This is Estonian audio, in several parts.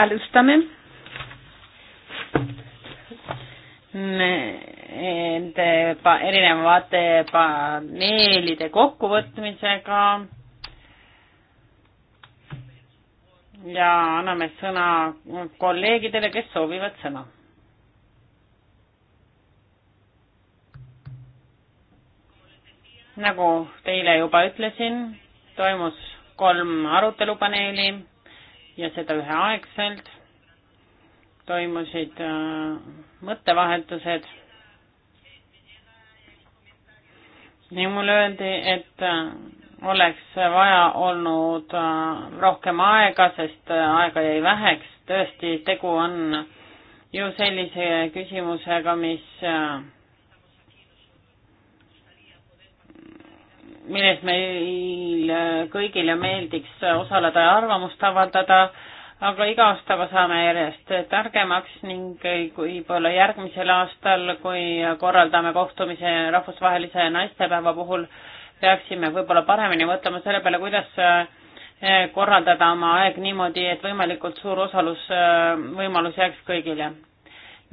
alustame nende erinevate paneelide kokkuvõtmisega ja anname sõna kolleegidele, kes soovivad sõna. nagu teile juba ütlesin, toimus kolm arutelupaneeli ja seda üheaegselt. toimusid äh, mõttevahetused. ja mulle öeldi, et äh, oleks vaja olnud äh, rohkem aega, sest aega jäi väheks. tõesti, tegu on ju sellise küsimusega, mis milles meil kõigile meeldiks osaleda ja arvamust avaldada, aga iga aastaga saame järjest targemaks ning võib-olla järgmisel aastal, kui korraldame kohtumise rahvusvahelise naistepäeva puhul, peaksime võib-olla paremini mõtlema selle peale, kuidas eh, korraldada oma aeg niimoodi, et võimalikult suur osalus, eh, võimalus jääks kõigile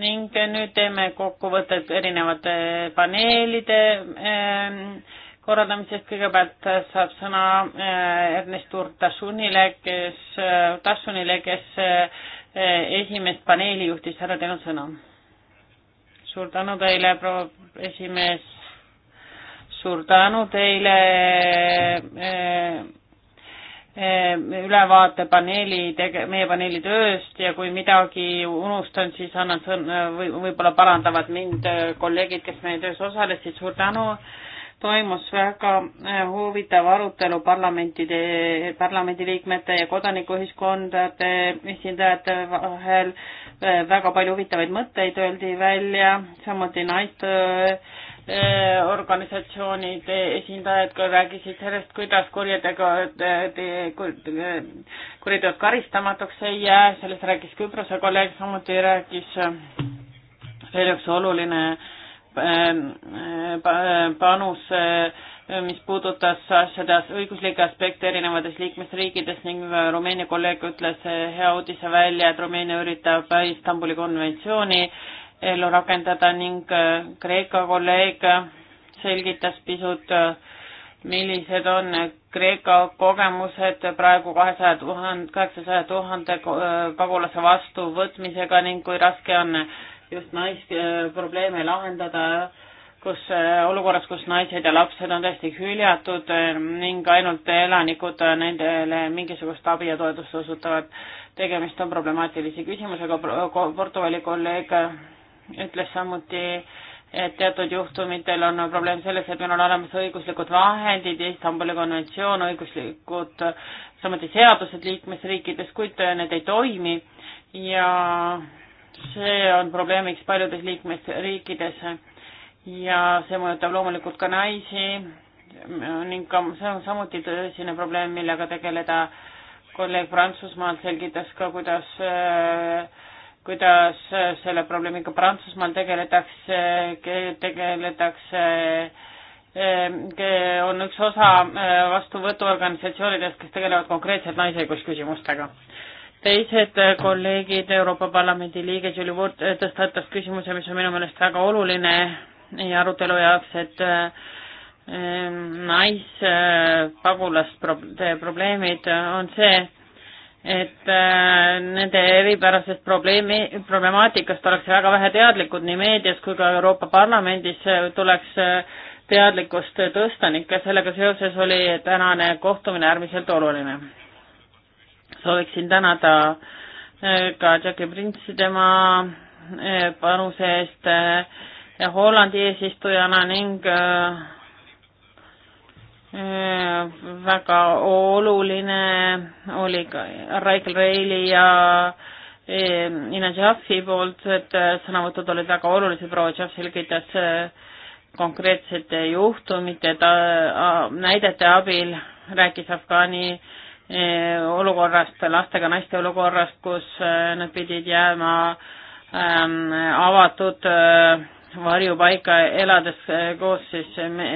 ning nüüd teeme kokkuvõtted erinevate paneelide eh, korraldamisest, kõigepealt äh, saab sõna äh, Ernest Urtasunile, kes, äh, Tasunile, kes esimest paneeli juhtis, härra, teil on sõna. suur tänu teile, proua esimees, suur tänu teile ülevaate paneeli tege-, meie paneeli tööst ja kui midagi unustan, siis annan sõna või võib-olla parandavad mind kolleegid, kes meie töös osalesid, suur tänu äh, toimus väga eh, huvitav arutelu parlamentide, parlamendiliikmete ja kodanikuühiskondade esindajate vahel. Eh, väga palju huvitavaid mõtteid öeldi välja, samuti naiste eh, organisatsioonide esindajad ka rääkisid sellest, kuidas kurjategod, kuriteod karistamatuks ei jää, sellest rääkis Küprose kolleeg, samuti rääkis veel üks oluline äh, Äh, äh, panus, äh, mis puudutas asjade õiguslikke aspekte erinevates liikmesriikides ning Rumeenia kolleeg ütles hea uudise välja, et Rumeenia üritab Istanbuli konventsiooni ellu rakendada ning Kreeka kolleeg selgitas pisut, millised on Kreeka kogemused praegu kahesaja tuhande, kaheksasaja tuhande pagulase vastuvõtmisega ning kui raske on just naisprobleeme äh, lahendada, kus äh, olukorras, kus naised ja lapsed on täiesti hüljatud äh, ning ainult elanikud nendele mingisugust abi ja toetust osutavad. tegemist on problemaatilise küsimusega, Portugali kolleeg ütles samuti, et teatud juhtumitel on probleem selles, et meil on olemas õiguslikud vahendid, Istanbuli konventsioon, õiguslikud, samuti seadused liikmesriikides, kuid need ei toimi ja see on probleemiks paljudes liikmesriikides ja see mõjutab loomulikult ka naisi ning ka see on samuti tõsine probleem, millega tegeleda. kolleeg Prantsusmaalt selgitas ka, kuidas, kuidas selle probleemiga Prantsusmaal tegeletakse, tegeletakse on üks osa vastuvõtuorganisatsioonidest, kes tegelevad konkreetselt naisõigusküsimustega teised äh, kolleegid, Euroopa Parlamendi liige Julie Wood äh, tõstatas küsimuse, mis on minu meelest väga oluline ja arutelu jaoks, et äh, ähm, naispagulaste probleemid on see, et nende eripärasest probleemi, problemaatikast oleks väga vähe teadlikud nii meedias kui ka Euroopa Parlamendis tuleks teadlikkust tõsta ning ka sellega seoses oli tänane kohtumine äärmiselt oluline sooviksin tänada eh, ka Jackie Printsi tema eh, panuse eest eh, Hollandi eesistujana ning väga oluline oli ka Raikl Reili ja Ina Jaffi poolt, et sõnavõtud olid väga olulised, proua Jaff selgitas konkreetsete juhtumite ta, näidete abil, rääkis Afgaani äh, Eh, olukorrast, lastega naiste olukorrast, kus eh, nad pidid jääma ähm, avatud äh, varjupaika elades äh, koos siis me,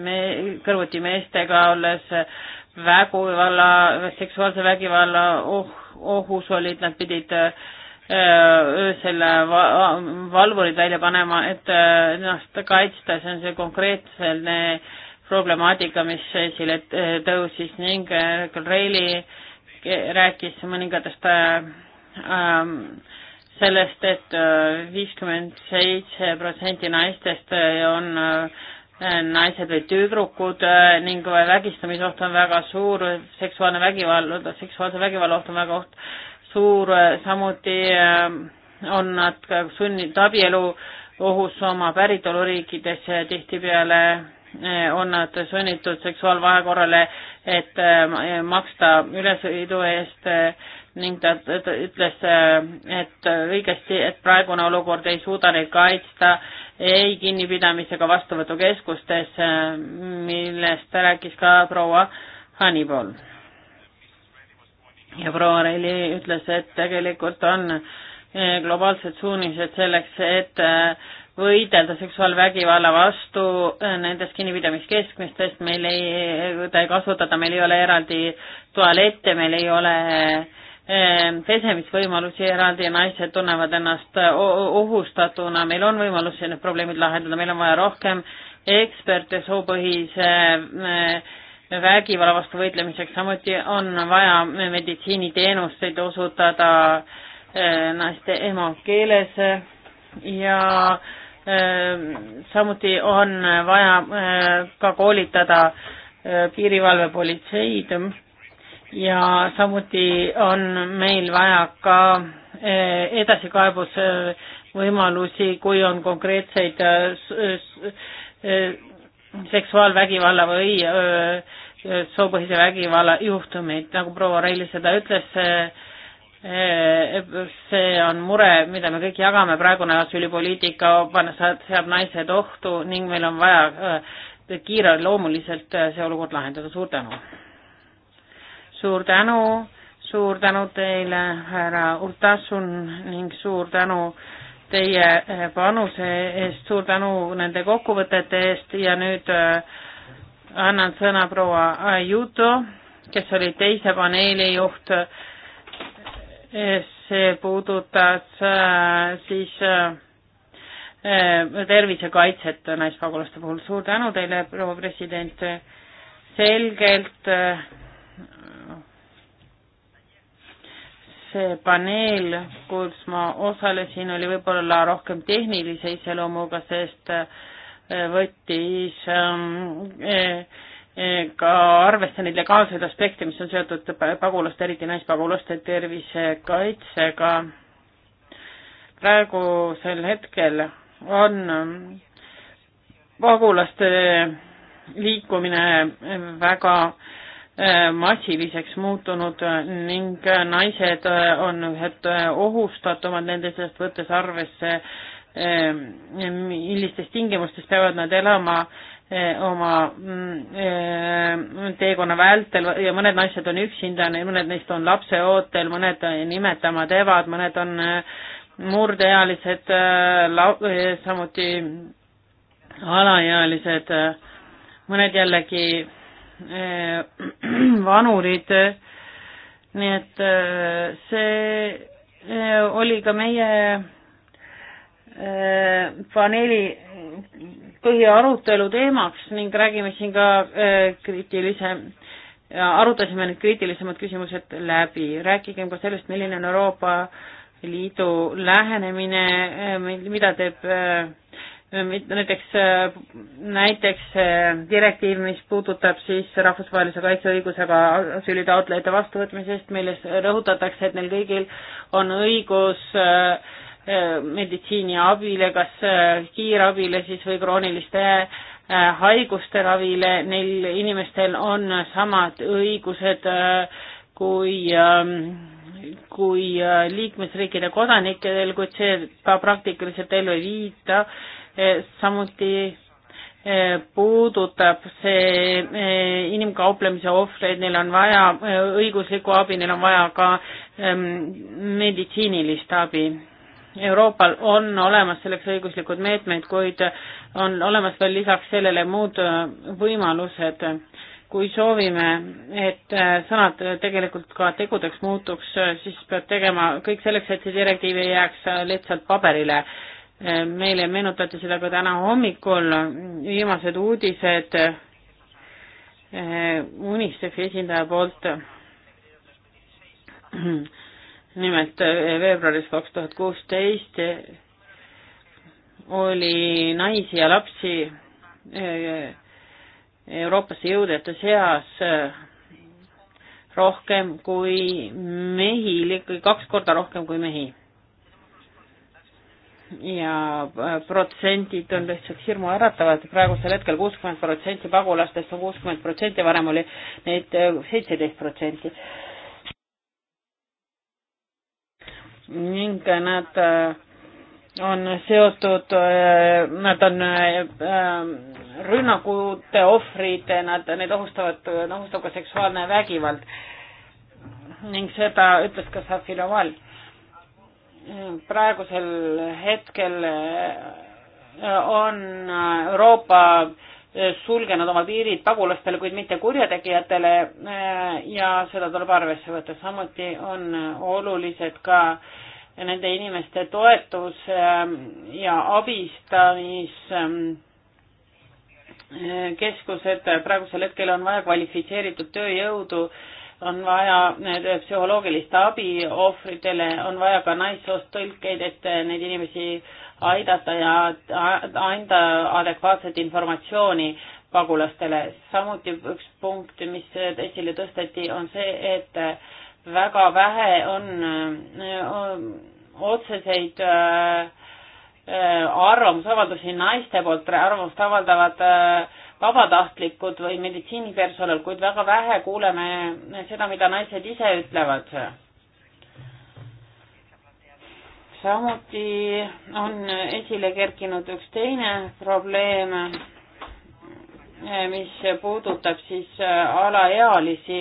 me, kõrvuti meestega, olles äh, vägivalla, seksuaalse vägivalla oh, ohus olid, nad pidid öösel valvurid välja panema, et ennast kaitsta, see on see konkreetne äh, problemaatika, mis esile tõusis ning äh, Reili rääkis mõningatest äh, ähm, sellest et, et äh, viiskümmend seitse protsenti naistest on naised või tüdrukud ning vägistamisoht on väga suur, seksuaalne vägivald, seksuaalse vägivalla oht on väga oht suur, samuti on nad sunnitud abielu ohus oma päritoluriikides tihtipeale Eh, on nad sunnitud seksuaalvahekorrale, et eh, maksta ülesõidu eest eh, ning ta, ta ütles, et õigesti, et praegune olukord ei suuda neid kaitsta ei kinnipidamisega vastuvõtukeskustes, millest rääkis ka proua Hannibal. ja proua Reili ütles, et tegelikult on globaalsed suunised selleks, et äh, võidelda seksuaalvägivalla vastu äh, nendes kinnipidamiskeskmistest, meil ei, ta ei kasutada, meil ei ole eraldi tualette, meil ei ole äh, pesemisvõimalusi eraldi ja naised tunnevad ennast äh, ohustatuna, meil on võimalusi need probleemid lahendada, meil on vaja rohkem eksperte soopõhise vägivalla vastu võitlemiseks, samuti on vaja meditsiiniteenuseid osutada naiste emakeeles ja äh, Ehm, samuti on äh, vaja äh, ka koolitada äh, piirivalvepolitseid ja samuti on meil vaja ka edasikaebusvõimalusi, kui on konkreetseid seksuaalvägivalla või soopõhise vägivalla juhtumeid, nagu proua Reili seda ütles, Eh, see on mure, mida me kõik jagame, praegune asüülipoliitika seab naised ohtu ning meil on vaja eh, kiireloomuliselt eh, see olukord lahendada, suur tänu. suur tänu, suur tänu teile, härra Urtasun ning suur tänu teie panuse eest, suur tänu nende kokkuvõtete eest ja nüüd annan sõna proua Juto, kes oli teise paneeli juht see puudutas äh, siis äh, tervisekaitset naispagulaste puhul. suur tänu teile, proua president, selgelt äh, see paneel, kus ma osalesin, oli võib-olla rohkem tehnilise iseloomuga, sest võttis ähm, ka arvesse neid legaalseid aspekte, mis on seotud pagulaste, eriti naispagulaste tervisekaitsega. praegusel hetkel on pagulaste liikumine väga eh, massiliseks muutunud ning naised on ühed ohustatumad nendest, võttes arvesse, eh, millistes tingimustes peavad nad elama Eh, oma mm, eh, teekonna vältel ja mõned naised on üksinda, mõned neist on lapseootel, mõned nimetamad evad, mõned on eh, murdeealised, samuti alaealised, mõned jällegi vanurid, nii et see oli ka meie paneeli põhiarutelu teemaks ning räägime siin ka äh, kriitilise, arutasime need kriitilisemad küsimused läbi, rääkigem ka sellest, milline on Euroopa Liidu lähenemine, äh, mida teeb äh, näiteks, näiteks direktiiv, mis puudutab siis rahvusvahelise kaitseõigusega asüülitaotlejate vastuvõtmisest, milles rõhutatakse, et neil kõigil on õigus äh, Äh, meditsiiniabile, kas äh, kiirabile siis või krooniliste äh, haiguste ravile, neil inimestel on samad õigused kui, ähm, kui liikmesriikide kodanikel, kuid seda praktiliselt ellu ei viida. samuti puudutab see inimkauplemise ohvreid, neil on vaja õiguslikku abi, neil on vaja ka ähm, meditsiinilist abi Euroopal on olemas selleks õiguslikud meetmed, kuid on olemas veel lisaks sellele muud äh, võimalused. kui soovime, et äh, sõnad tegelikult ka tegudeks muutuks, äh, siis peab tegema kõik selleks, et see direktiiv ei jääks lihtsalt paberile. meile meenutati seda ka täna hommikul, viimased uudised UNICEF-i esindaja poolt nimelt eh, veebruaris kaks tuhat kuusteist eh, oli naisi ja lapsi eh, Euroopasse jõudjate seas rohkem kui mehi, ligi kaks korda rohkem kui mehi. ja protsendid on lihtsalt hirmuäratavad, praegusel hetkel kuuskümmend protsenti pagulastest on kuuskümmend protsenti, varem oli neid seitseteist protsenti ning nad äh, on seotud, äh, nad on äh, rünnakute ohvrid, nad, neid ohustavad, ohustab ka seksuaalne vägivald. ning seda ütles ka Safi Laval. praegusel hetkel on Euroopa Eh, sulgenud oma piirid pagulastele, kuid mitte kurjategijatele eh, ja seda tuleb arvesse võtta. samuti on olulised ka nende inimeste toetus eh, ja abistamiskeskused. praegusel hetkel on vaja kvalifitseeritud tööjõudu, on vaja psühholoogilist abi ohvritele, on vaja ka naissoost tõlkeid, et neid inimesi aidata ja anda adekvaatset informatsiooni pagulastele. samuti üks punkt, mis esile tõsteti, on see, et väga vähe on, on otseseid äh, äh, arvamusavaldusi naiste poolt, arvamust avaldavad äh, vabatahtlikud või meditsiinipersonal, kuid väga vähe kuuleme seda, mida naised ise ütlevad samuti on esile kerkinud üks teine probleem, mis puudutab siis alaealisi,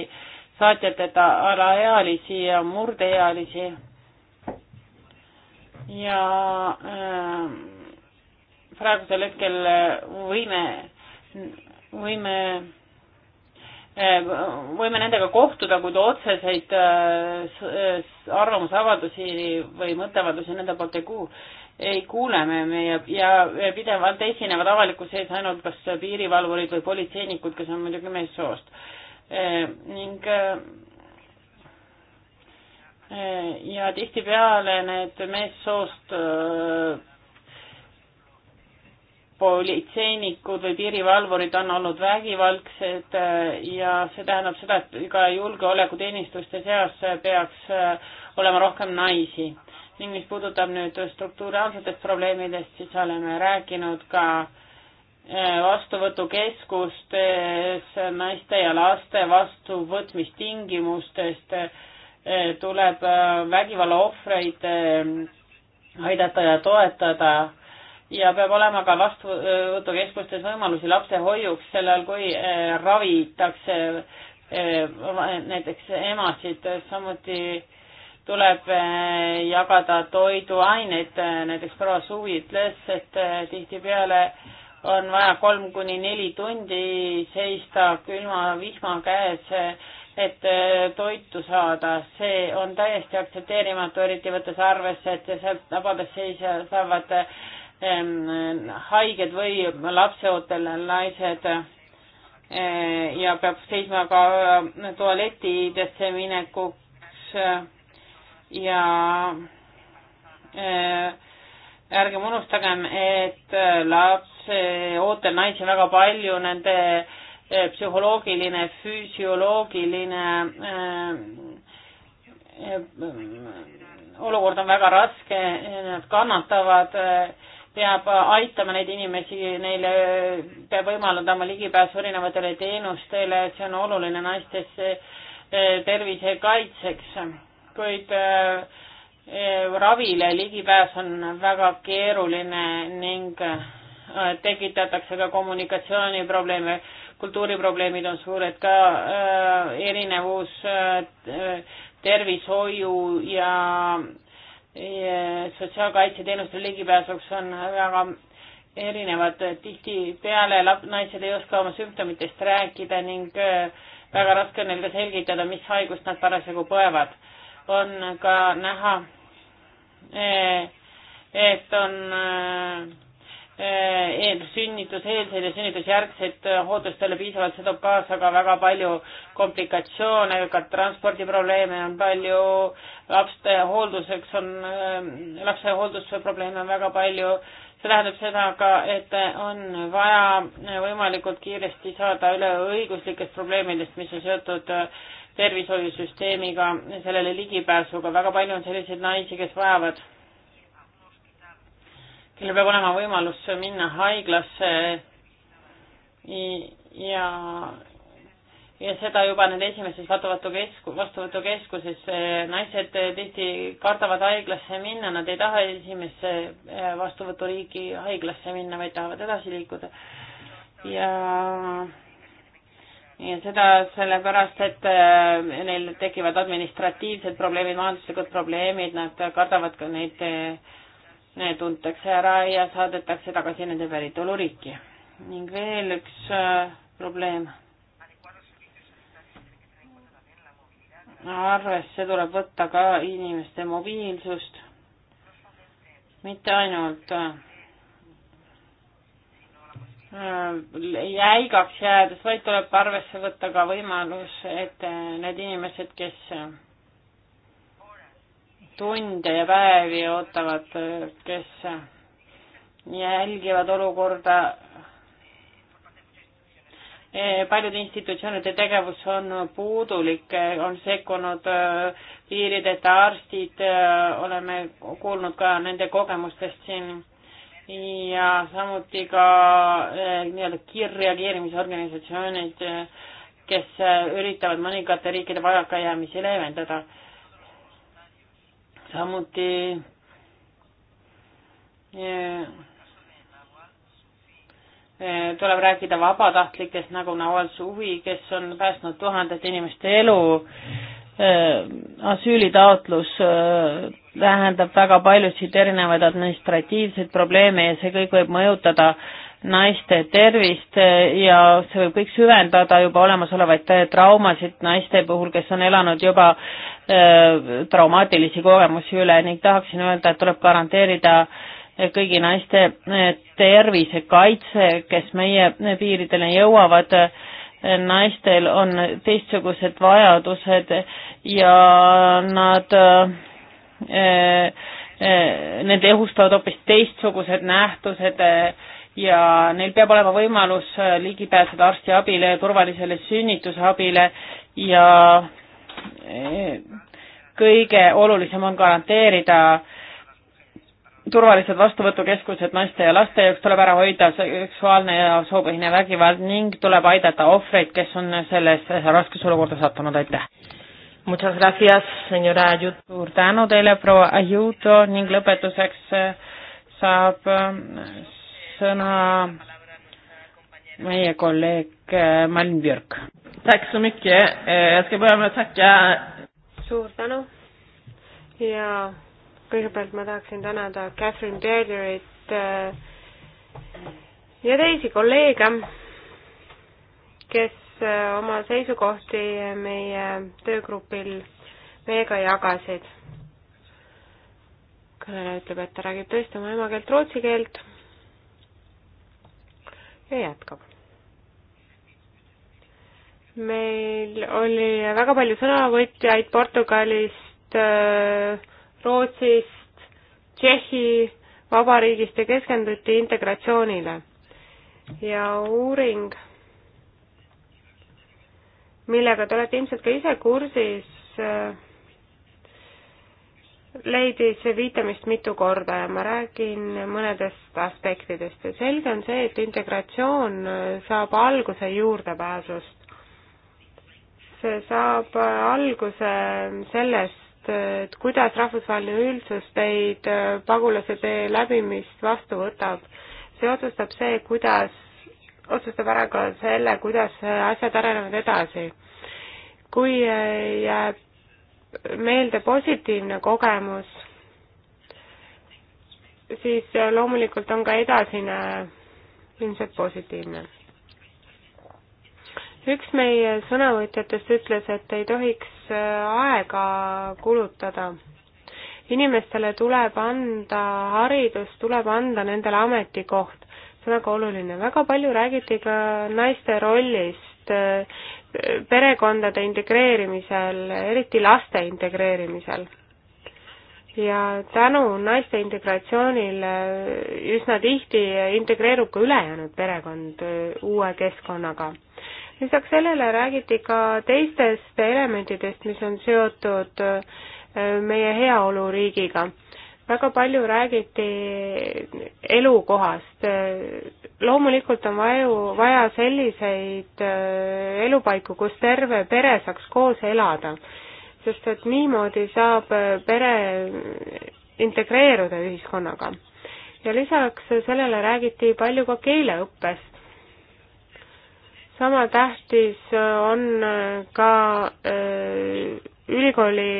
saatjateta alaealisi ja murdeealisi. ja äh, praegusel hetkel võime, võime Ehm, võime nendega kohtuda, kuid otseseid äh, äh, arvamusavaldusi või mõtteavaldusi nende poolt ei kuu-, ei kuule me, meie ja pidevalt esinevad avalikkuse ees ainult kas piirivalvurid või politseinikud, kes on muidugi meessoost e,. Ehm, ning e, ja tihtipeale need meessoost politseinikud või piirivalvurid on olnud vägivaldsed äh, ja see tähendab seda, et ka julgeolekuteenistuste seas peaks äh, olema rohkem naisi. ning mis puudutab nüüd strukturaalsetest probleemidest, siis oleme rääkinud ka äh, vastuvõtukeskustes naiste ja laste vastuvõtmistingimustest tuleb vägivalla ohvreid aidata ja toetada ja peab olema ka vastuvõtukeskustes võimalusi lapse hoiuks, sel ajal kui eh, ravitakse eh, näiteks emasid, samuti tuleb eh, jagada toiduaineid, näiteks proua Suvi ütles, et tihtipeale on vaja kolm kuni neli tundi seista külma vihma käes, et toitu saada, see on täiesti aktsepteerimatu, eriti võttes arvesse, et sealt tabades seisja saavad äh, haiged või lapseootel naised eh, ja peab seisma ka eh, tualetidesse minekuks eh, ja ärgem unustagem, et lapse ootel naisi väga palju, nende psühholoogiline, füsioloogiline olukord on väga raske, nad kannatavad äh, peab aitama neid inimesi, neile peab võimaldama ligipääsu erinevatele teenustele, see on oluline naistesse eh, tervise kaitseks, kuid eh, ravile ligipääs on väga keeruline ning eh, tekitatakse ka kommunikatsiooniprobleeme, kultuuriprobleemid on suured, ka erinevus tervishoiu ja sotsiaalkaitseteenuste ligipääsuks on väga erinevad, tihtipeale naised ei oska oma sümptomitest rääkida ning äh, väga raske on neil ka selgitada, mis haigust nad parasjagu põevad. on ka näha, äh, et on äh, Eh, sünnituseelseid ja sünnitusjärgseid hooldustele eh, piisavalt, see toob kaasa ka väga palju komplikatsioone, ka transpordiprobleeme on palju, laste hoolduseks on, eh, lapse hooldusprobleeme on väga palju, see tähendab seda ka, et on vaja võimalikult kiiresti saada üle õiguslikest probleemidest, mis on seotud tervishoiusüsteemiga, sellele ligipääsuga, väga palju on selliseid naisi, kes vajavad neil peab olema võimalus minna haiglasse ja, ja seda juba nende esimeses vastuvõtukesku-, vastuvõtukeskuses. naised tihti kardavad haiglasse minna, nad ei taha esimesse eh, vastuvõturiigi haiglasse minna, vaid tahavad edasi liikuda. ja, ja seda sellepärast, et eh, neil tekivad administratiivsed probleemid, majanduslikud probleemid, nad kardavad ka neid äh, tuntakse ära ja saadetakse tagasi nende päritoluriiki. ning veel üks äh, probleem. arvesse tuleb võtta ka inimeste mobiilsust, mitte ainult äh, äh, jäigaks jäädes, vaid tuleb arvesse võtta ka võimalus, et need inimesed, kes tunde ja päevi ootavad, kes jälgivad olukorda. paljude institutsioonide tegevus on puudulik, on sekkunud piirideta arstid, oleme kuulnud ka nende kogemustest siin ja samuti ka eh, nii-öelda kiirreageerimisorganisatsioonid, kes üritavad mõningate riikide vajakajäämisi leevendada samuti eh, eh, tuleb rääkida vabatahtlikest nagu Nawal Suvi, kes on päästnud tuhandete inimeste elu. Eh, asüülitaotlus tähendab väga paljusid erinevaid administratiivseid probleeme ja see kõik võib mõjutada äh, naiste tervist eh, ja see võib kõik süvendada juba olemasolevaid eh, traumasid naiste puhul, kes on elanud juba äh, traumaatilisi kogemusi üle ning tahaksin öelda, et tuleb garanteerida kõigi naiste tervisekaitse, kes meie piiridele jõuavad. naistel on teistsugused vajadused ja nad äh, Nende õhus peavad hoopis teistsugused nähtused äh, ja neil peab olema võimalus äh, ligi pääseda arstiabile, turvalisele sünnitusabile ja äh, kõige olulisem on garanteerida turvalised vastuvõtukeskused naiste ja laste jaoks, tuleb ära hoida seksuaalne ja soopõhine vägivald ning tuleb aidata ohvreid, kes on sellesse raskesse olukorda sattunud, aitäh! Muchas gracias, senora Ayuto. suur tänu teile, proua Ayuto ning lõpetuseks äh, saab sõna meie kolleeg äh, Malm Björk. Eh, suur tänu ja kõigepealt ma tahaksin tänada Catherine Taylor'it äh, ja teisi kolleege, kes äh, oma seisukohti meie töögrupil meiega jagasid. kõneleja ütleb, et ta räägib tõesti oma emakeelt rootsi keelt ja jätkab. meil oli väga palju sõnavõtjaid Portugalist, äh, Rootsist, Tšehhi Vabariigist ja keskenduti integratsioonile. ja uuring, millega te olete ilmselt ka ise kursis, äh, leidis viitamist mitu korda ja ma räägin mõnedest aspektidest ja selge on see, et integratsioon saab alguse juurdepääsust. see saab alguse sellest, et kuidas rahvusvaheline üldsus teid pagulase tee läbimist vastu võtab. see otsustab see, kuidas, otsustab ära ka selle, kuidas asjad arenevad edasi. kui jääb meelde positiivne kogemus, siis loomulikult on ka edasine ilmselt positiivne. üks meie sõnavõtjatest ütles, et ei tohiks äh, aega kulutada. inimestele tuleb anda haridus, tuleb anda nendele ametikoht, see on väga oluline. väga palju räägiti ka naiste rollist äh, perekondade integreerimisel, eriti laste integreerimisel. ja tänu naiste integratsioonile üsna tihti integreerub ka ülejäänud perekond uue keskkonnaga. lisaks sellele räägiti ka teistest elementidest, mis on seotud meie heaoluriigiga väga palju räägiti elukohast. loomulikult on vaju, vaja selliseid äh, elupaiku, kus terve pere saaks koos elada, sest et niimoodi saab äh, pere integreeruda ühiskonnaga. ja lisaks sellele räägiti palju ka keeleõppest. sama tähtis on äh, ka öö, ülikooli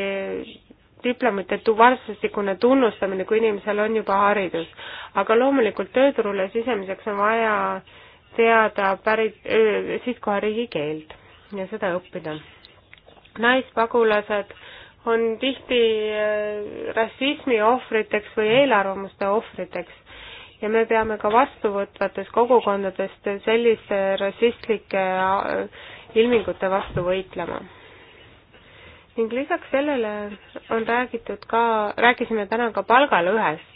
diplomite vastastikune tunnustamine, kui inimesel on juba haridus. aga loomulikult tööturule sisemiseks on vaja teada pärit, sihtkoha riigikeelt ja seda õppida. naispagulased on tihti rassismi ohvriteks või eelarvamuste ohvriteks ja me peame ka vastuvõtvates kogukondadest selliste rassistlike ilmingute vastu võitlema ning lisaks sellele on räägitud ka, rääkisime täna ka palgalõhest.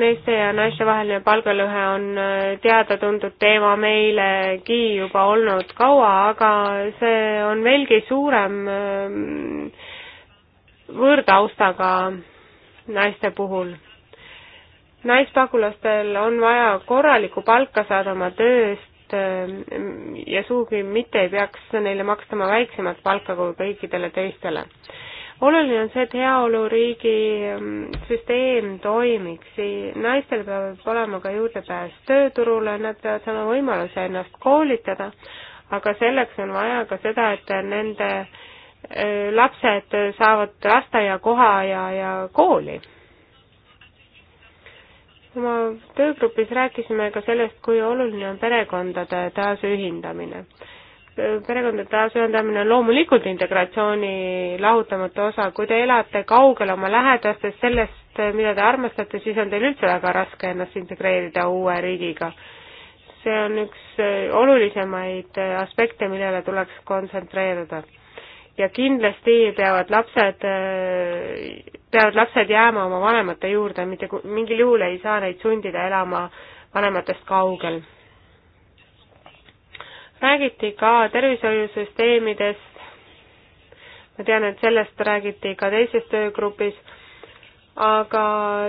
meeste ja naiste vaheline palgalõhe on äh, teada-tuntud teema meilegi juba olnud kaua, aga see on veelgi suurem ähm, võõrtaustaga naiste puhul naispagulastel on vaja korralikku palka saada oma tööst, et eh, ja sugugi mitte ei peaks neile makstama väiksemat palka kui kõikidele teistele. oluline on see, et heaoluriigi mm, süsteem toimiks, naistel peab olema ka juurdepääs tööturule, nad peavad saama võimaluse ennast koolitada, aga selleks on vaja ka seda, et nende eh, lapsed saavad lasteaiakoha ja, ja kooli oma töögrupis rääkisime ka sellest, kui oluline on perekondade taasühindamine. perekondade taasühendamine on loomulikult integratsiooni lahutamatu osa, kui te elate kaugel oma lähedastest sellest, mida te armastate, siis on teil üldse väga raske ennast integreerida uue riigiga. see on üks olulisemaid aspekte, millele tuleks kontsentreeruda. ja kindlasti peavad lapsed peavad lapsed jääma oma vanemate juurde, mitte mingil juhul ei saa neid sundida elama vanematest kaugel. räägiti ka tervishoiusüsteemidest, ma tean, et sellest räägiti ka teises töögrupis, aga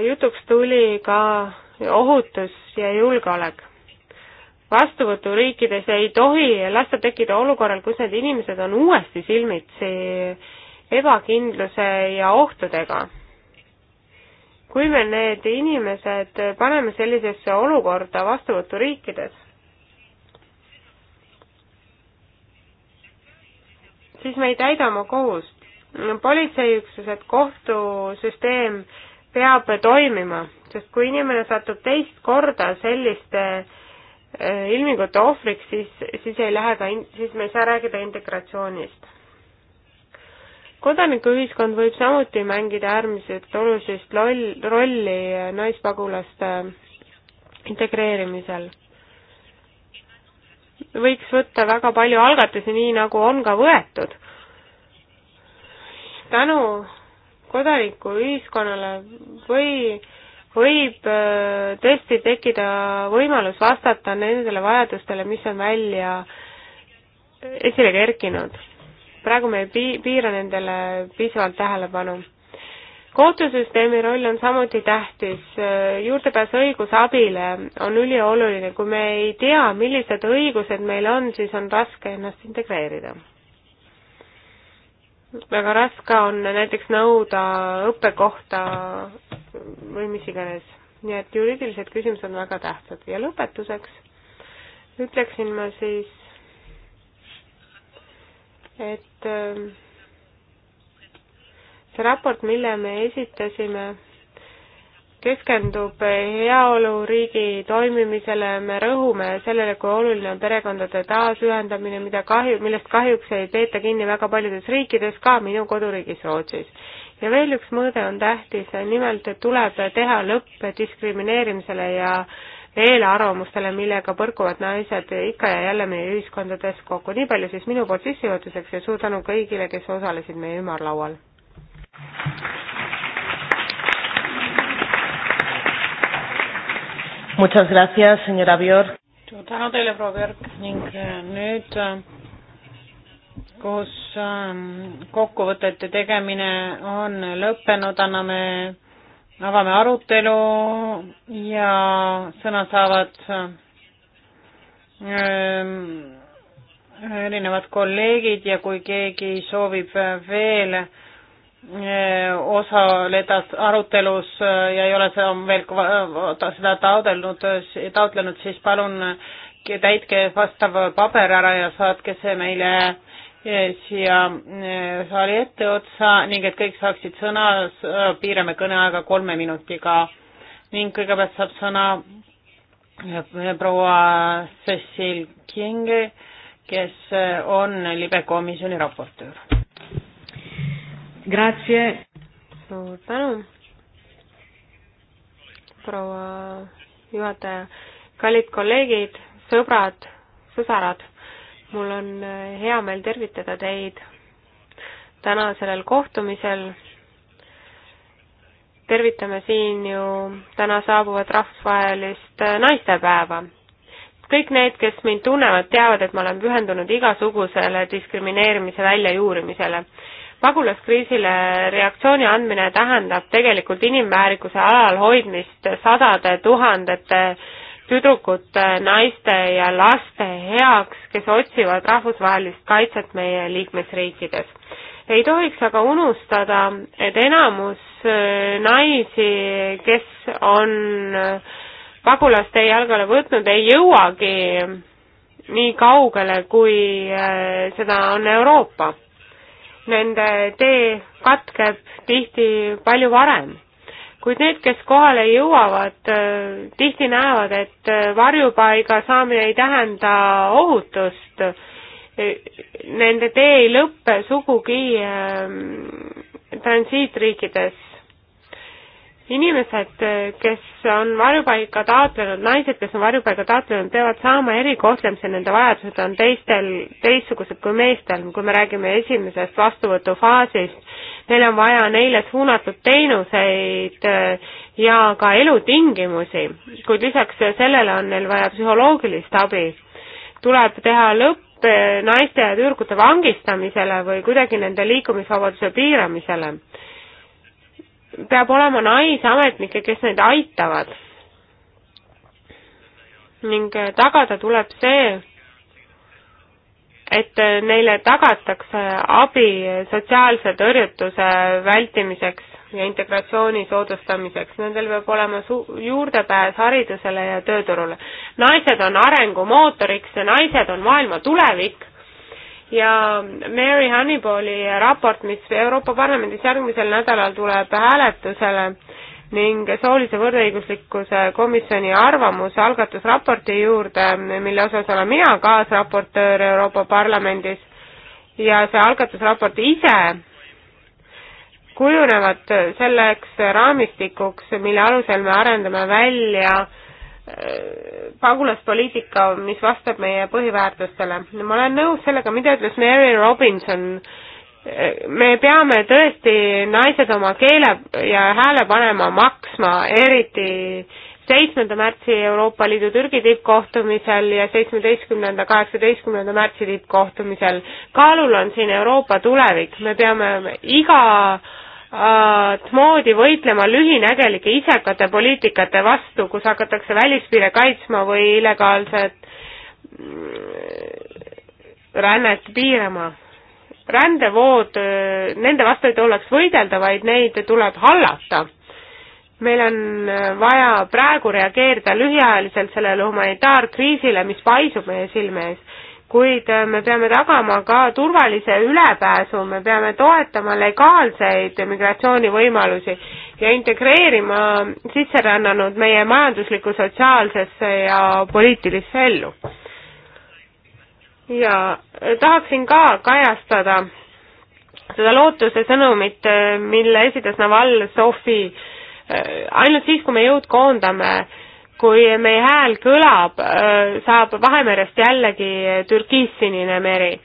jutuks tuli ka ohutus ja julgeolek vastuvõturiikides ei tohi lasta tekkida olukorral, kus need inimesed on uuesti silmitsi ebakindluse ja ohtudega. kui me need inimesed paneme sellisesse olukorda vastuvõturiikides, siis me ei täida oma kohust. politseiüksused, kohtusüsteem peab toimima, sest kui inimene satub teist korda selliste äh, ilmingute ohvriks, siis, siis ei lähe ka, siis me ei saa rääkida integratsioonist kodanikuühiskond võib samuti mängida äärmiselt olulist loll, rolli naispagulaste integreerimisel. võiks võtta väga palju algatusi, nii nagu on ka võetud. tänu kodanikuühiskonnale või võib äh, tõesti tekkida võimalus vastata nendele vajadustele, mis on välja esile kerkinud praegu me ei pii-, piira nendele piisavalt tähelepanu. kohtusüsteemi roll on samuti tähtis, juurdepääs õigusabile on ülioluline, kui me ei tea, millised õigused meil on, siis on raske ennast integreerida. väga raske on näiteks nõuda õppekohta või mis iganes, nii et juriidilised küsimused on väga tähtsad ja lõpetuseks ütleksin ma siis et ähm, see raport, mille me esitasime, keskendub heaoluriigi toimimisele, me rõhume sellele, kui oluline on perekondade taasühendamine, mida kahju, millest kahjuks ei peeta kinni väga paljudes riikides, ka minu koduriigis Rootsis. ja veel üks mõõde on tähtis, nimelt tuleb teha lõpp diskrimineerimisele ja äh, eelarvamustele, millega põrkuvad naised ikka ja jälle meie ühiskondades kokku. nii palju siis minu poolt sissejuhatuseks ja suur tänu kõigile, kes osalesid meie ümarlaual. Muchas gracias, señora Björk. suur tänu teile, proua Björk ning äh, nüüd äh, koos äh, kokkuvõtete tegemine on lõppenud, anname avame arutelu ja sõna saavad ähm, erinevad kolleegid ja kui keegi soovib veel äh, osaleda arutelus ja ei ole seda veel seda taodelnud, taotlenud, siis palun täitke vastav paber ära ja saatke see meile siia eh, saali etteotsa ning et kõik saaksid sõna, eh, piirame kõneaega kolme minutiga ning kõigepealt saab sõna eh, proua Cecil King, kes on libe komisjoni raportöör. Grazie. suur tänu, proua juhataja, kallid kolleegid, sõbrad, sõsarad mul on äh, hea meel tervitada teid täna sellel kohtumisel. tervitame siin ju täna saabuvat rahvusvahelist äh, naistepäeva. kõik need, kes mind tunnevad, teavad, et ma olen pühendunud igasugusele diskrimineerimise väljajuurimisele pagulaskriisile reaktsiooni andmine tähendab tegelikult inimväärikuse alal hoidmist sadade tuhandete äh, tüdrukute, naiste ja laste heaks, kes otsivad rahvusvahelist kaitset meie liikmesriikides. ei tohiks aga unustada, et enamus äh, naisi, kes on äh, pagulaste jalgale võtnud, ei jõuagi nii kaugele, kui äh, seda on Euroopa. Nende tee katkeb tihti palju varem kuid need, kes kohale jõuavad, äh, tihti näevad, et äh, varjupaiga saamine ei tähenda ohutust. Äh, nende tee ei lõppe sugugi ähm, transiitriikides inimesed, kes on varjupaika taotlenud, naised, kes on varjupaika taotlenud, peavad saama erikohtlemise, nende vajadused on teistel, teistsugused kui meestel, kui me räägime esimesest vastuvõtufaasist, neil on vaja neile suunatud teenuseid eh, ja ka elutingimusi, kuid lisaks sellele on neil vaja psühholoogilist abi. tuleb teha lõpp eh, naiste ja tüdrukute vangistamisele või kuidagi nende liikumisvabaduse piiramisele peab olema naisametnikke, kes neid aitavad. ning äh, tagada tuleb see, et äh, neile tagatakse abi sotsiaalse tõrjutuse vältimiseks ja integratsiooni soodustamiseks, nendel peab olema su-, juurdepääs haridusele ja tööturule. naised on arengu mootoriks ja naised on maailma tulevik ja Mary Honeyballi raport, mis Euroopa Parlamendis järgmisel nädalal tuleb hääletusele ning soolise võrdõiguslikkuse komisjoni arvamus algatusraporti juurde, mille osas olen mina kaasraportöör Euroopa Parlamendis ja see algatusraport ise kujunevad selleks raamistikuks, mille alusel me arendame välja pagulaspoliitika, mis vastab meie põhiväärtustele. ma olen nõus sellega, mida ütles Mary Robinson, me peame tõesti naised oma keele ja hääle panema maksma, eriti seitsmenda märtsi Euroopa Liidu Türgi tippkohtumisel ja seitsmeteistkümnenda, kaheksateistkümnenda märtsi tippkohtumisel. kaalul on siin Euroopa tulevik, me peame iga Äh, moodi võitlema lühinägelike isekate poliitikate vastu, kus hakatakse välispiire kaitsma või illegaalset mm, rännet piirama. rändevood, äh, nende vastu ei tuleks võidelda, vaid neid tuleb hallata. meil on äh, vaja praegu reageerida lühiajaliselt sellele humanitaarkriisile, mis paisub meie silme ees kuid äh, me peame tagama ka turvalise ülepääsu, me peame toetama legaalseid migratsioonivõimalusi ja integreerima sisserännanud meie majanduslikku, sotsiaalsesse ja poliitilisse ellu. ja äh, tahaksin ka kajastada seda lootuse sõnumit, äh, mille esitas Naval Sofi ainult siis, kui me jõud koondame kui meie hääl kõlab, äh, saab Vahemerest jällegi türkiissinine meri.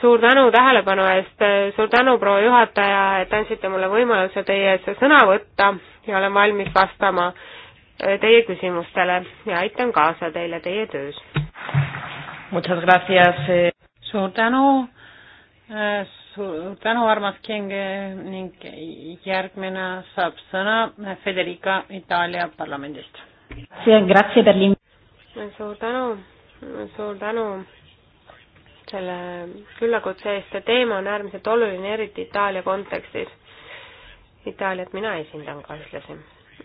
suur tänu tähelepanu eest, äh, suur tänu, proua juhataja, et andsite mulle võimaluse teie ees sõna võtta ja olen valmis vastama äh, teie küsimustele ja aitan kaasa teile teie töös. Eh. suur tänu, suur tänu, armas King ning järgmine saab sõna Federica Itaalia parlamendist suur tänu, suur tänu selle küllakutse eest, see teema on äärmiselt oluline, eriti Itaalia kontekstis. Itaaliat mina esindan ka ühtlasi.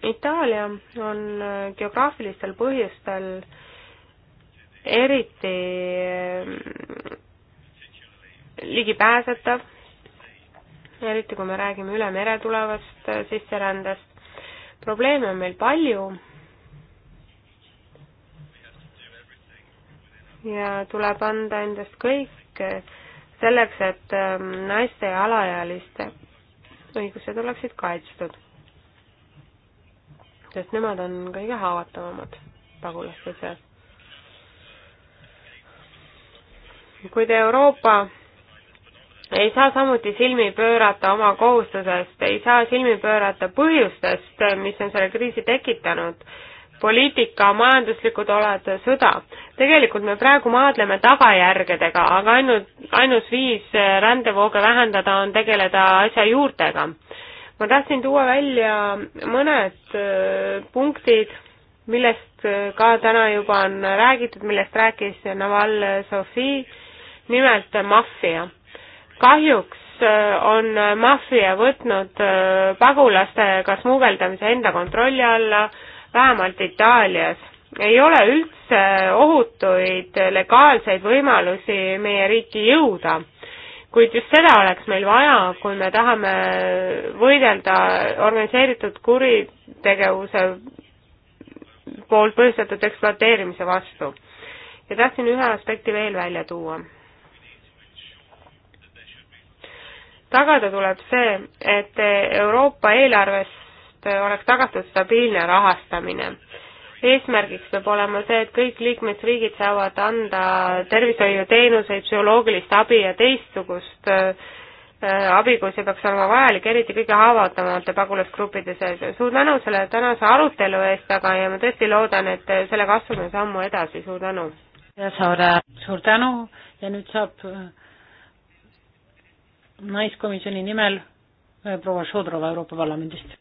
Itaalia on äh, geograafilistel põhjustel eriti äh, ligipääsetav, eriti kui me räägime üle mere tulevast äh, sisserändest. probleeme on meil palju ja tuleb anda endast kõik selleks, et ähm, naiste ja alaealiste õigused oleksid kaitstud. sest nemad on kõige haavatavamad pagulaste seas. kuid Euroopa ei saa samuti silmi pöörata oma kohustusest, ei saa silmi pöörata põhjustest, mis on selle kriisi tekitanud poliitika majanduslikud oled sõda. tegelikult me praegu maadleme tagajärgedega, aga ainult, ainus viis eh, rändevooge vähendada on tegeleda asja juurtega. ma tahtsin tuua välja mõned eh, punktid, millest eh, ka täna juba on räägitud, millest rääkis Naval Sofi, nimelt maffia. kahjuks on maffia võtnud pagulastega smugeldamise enda kontrolli alla, vähemalt Itaalias ei ole üldse ohutuid legaalseid võimalusi meie riiki jõuda, kuid just seda oleks meil vaja, kui me tahame võidelda organiseeritud kuritegevuse poolt põhjustatud ekspluateerimise vastu. ja tahtsin ühe aspekti veel välja tuua. tagada tuleb see, et Euroopa eelarves et äh, oleks tagatud stabiilne rahastamine. eesmärgiks peab olema see, et kõik liikmesriigid saavad anda tervishoiuteenuseid, psühholoogilist abi ja teistsugust äh, äh, abi, kui see peaks olema vajalik, eriti kõige haavatavamate pagulasgruppide sees. suur tänu selle tänase arutelu eest, aga ja ma tõesti loodan, et sellega astume sammu edasi, suur tänu! ja Saare, suur tänu ja nüüd saab naiskomisjoni nimel proua Šodrova Euroopa Parlamendist.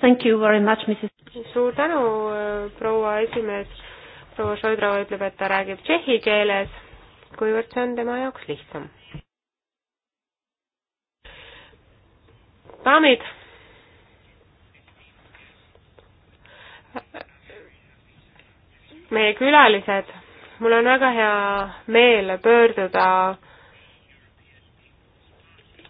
Thank you very much, Mrs. suur tänu, äh, proua esimees. proua Šoidrova ütleb, et ta räägib tšehhi keeles, kuivõrd see on tema jaoks lihtsam. daamid. meie külalised, mul on väga hea meel pöörduda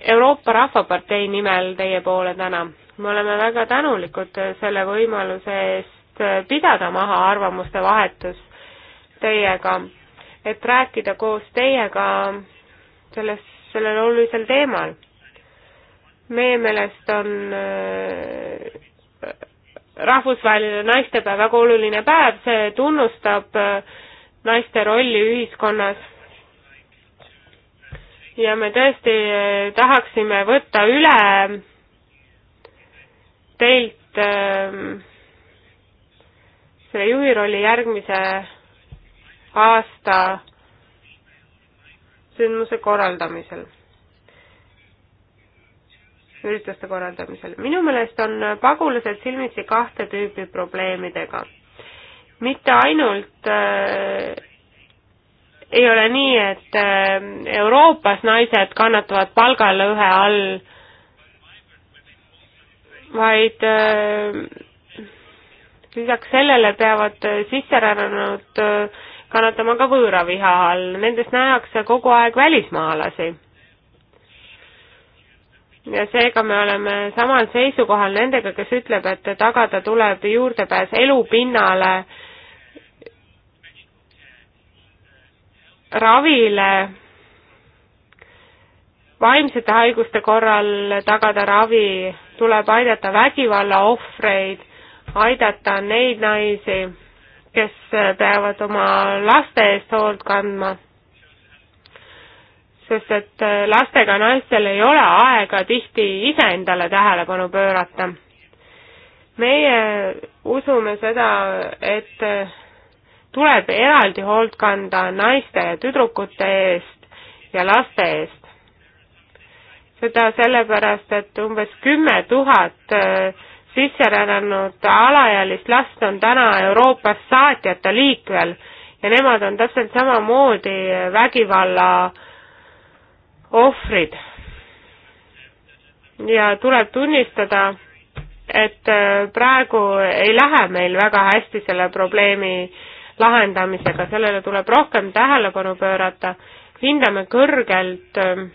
Euroopa Rahvapartei nimel teie poole täna me oleme väga tänulikud selle võimaluse eest pidada maha arvamuste vahetus teiega, et rääkida koos teiega selles, sellel olulisel teemal. meie meelest on äh, rahvusvaheline naistepäev väga oluline päev, see tunnustab äh, naiste rolli ühiskonnas. ja me tõesti äh, tahaksime võtta üle teilt ähm, selle juhi rolli järgmise aasta sündmuse korraldamisel, ürituste korraldamisel. minu meelest on pagulased silmitsi kahte tüüpi probleemidega. mitte ainult äh, ei ole nii, et äh, Euroopas naised kannatavad palgalõhe all äh, vaid äh, lisaks sellele peavad äh, sisserännanud äh, kannatama ka võõraviha all, nendest nähakse kogu aeg välismaalasi. ja seega me oleme samal seisukohal nendega, kes ütleb, et tagada tuleb juurdepääs elupinnale, ravile, vaimsete haiguste korral tagada ravi tuleb aidata vägivalla ohvreid, aidata neid naisi, kes peavad oma laste eest hoolt kandma. sest et lastega naistel ei ole aega tihti iseendale tähelepanu pöörata. meie usume seda, et tuleb eraldi hoolt kanda naiste ja tüdrukute eest ja laste eest seda sellepärast, et umbes kümme tuhat äh, sisserännanud alaealist last on täna Euroopas saatjata liikvel ja nemad on täpselt samamoodi vägivalla ohvrid. ja tuleb tunnistada, et äh, praegu ei lähe meil väga hästi selle probleemi lahendamisega, sellele tuleb rohkem tähelepanu pöörata, hindame kõrgelt äh,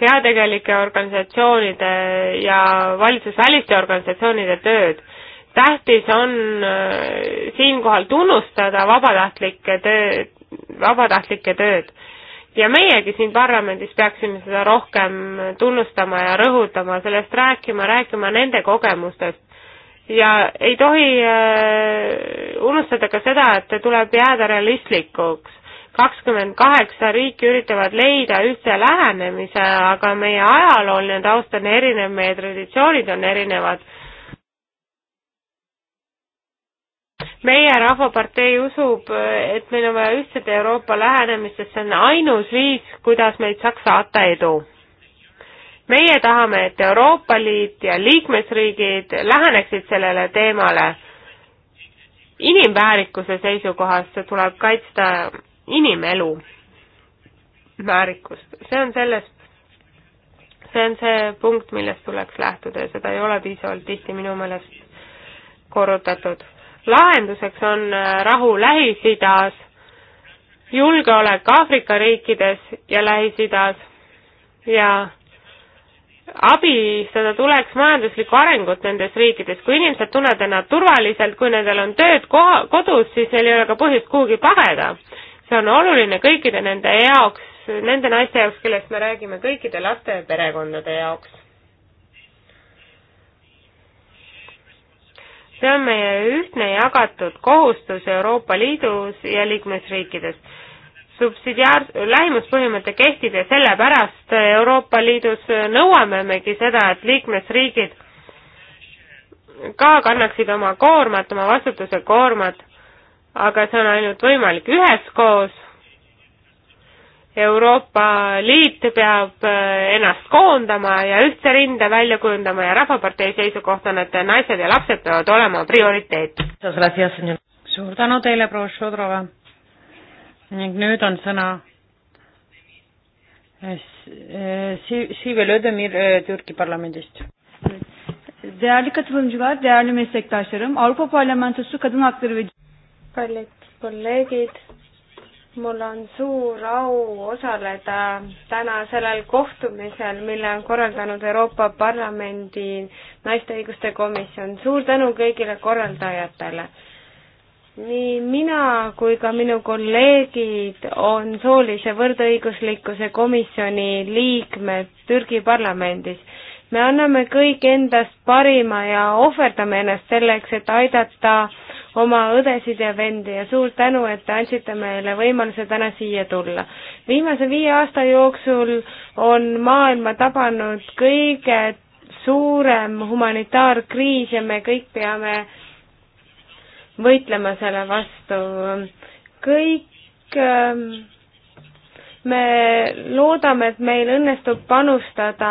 heategelike organisatsioonide ja valitsusväliste organisatsioonide tööd. tähtis on äh, siinkohal tunnustada vabatahtlike töö, vabatahtlike tööd ja meiegi siin parlamendis peaksime seda rohkem tunnustama ja rõhutama, sellest rääkima, rääkima nende kogemustest. ja ei tohi äh, unustada ka seda, et tuleb jääda realistlikuks kakskümmend kaheksa riiki üritavad leida ühtse lähenemise, aga meie ajalooline taust on erinev, meie traditsioonid on erinevad. meie Rahvapartei usub, et meil on vaja ühtset Euroopa lähenemist, sest see on ainus viis, kuidas meid saaks saata edu. meie tahame, et Euroopa Liit ja liikmesriigid läheneksid sellele teemale inimväärikuse seisukohast, see tuleb kaitsta inimelu väärikust, see on sellest, see on see punkt, millest tuleks lähtuda ja seda ei ole piisavalt tihti minu meelest korrutatud. lahenduseks on äh, rahu Lähis-Idas, julgeolek Aafrika riikides ja Lähis-Idas ja abistada tuleks majanduslikku arengut nendes riikides, kui inimesed tunnevad ennast turvaliselt, kui nendel on tööd koha, kodus, siis neil ei ole ka põhjust kuhugi pageda see on oluline kõikide nende jaoks, nende naiste jaoks, kellest me räägime, kõikide laste ja perekondade jaoks. see on meie ühtne jagatud kohustus Euroopa Liidus ja liikmesriikides. subsidiaar-, lähimuspõhimõte kehtib ja sellepärast Euroopa Liidus nõuamegi seda, et liikmesriigid ka kannaksid oma koormat, oma vastutuse koormat aga see on ainult võimalik üheskoos. Euroopa Liit peab äh, ennast koondama ja ühtse rinde välja kujundama ja Rahvapartei seisukoht on, et naised ja lapsed peavad olema prioriteet. suur tänu teile, proua Šodrova. ning nüüd on sõna Si- Sive Lödemir Türgi Parlamendist. Değerli katılımcılar, değerli meslektaşlarım, Avrupa Parlamentosu Kadın Hakları ve kallid kolleegid, mul on suur au osaleda täna sellel kohtumisel, mille on korraldanud Euroopa Parlamendi naiste õiguste komisjon. suur tänu kõigile korraldajatele. nii mina kui ka minu kolleegid on soolise võrdõiguslikkuse komisjoni liikmed Türgi parlamendis. me anname kõik endast parima ja ohverdame ennast selleks, et aidata oma õdesid ja vendi ja suur tänu, et te andsite meile võimaluse täna siia tulla. viimase viie aasta jooksul on maailma tabanud kõige suurem humanitaarkriis ja me kõik peame võitlema selle vastu. kõik ähm, me loodame, et meil õnnestub panustada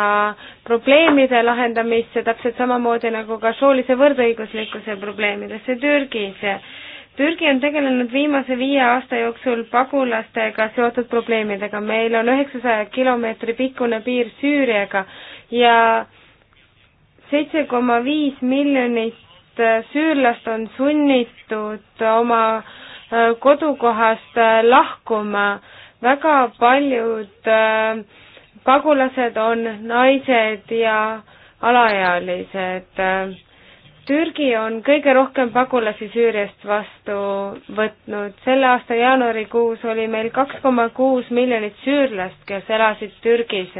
probleemide lahendamisse, täpselt samamoodi nagu ka soolise võrdõiguslikkuse probleemidesse Türgis. Türgi on tegelenud viimase viie aasta jooksul pagulastega seotud probleemidega, meil on üheksasaja kilomeetri pikkune piir Süüriaga ja seitse koma viis miljonit süürlast on sunnitud oma kodukohast lahkuma väga paljud äh, pagulased on naised ja alaealised äh,. Türgi on kõige rohkem pagulasi Süüriast vastu võtnud. selle aasta jaanuarikuus oli meil kaks koma kuus miljonit süürlast, kes elasid Türgis.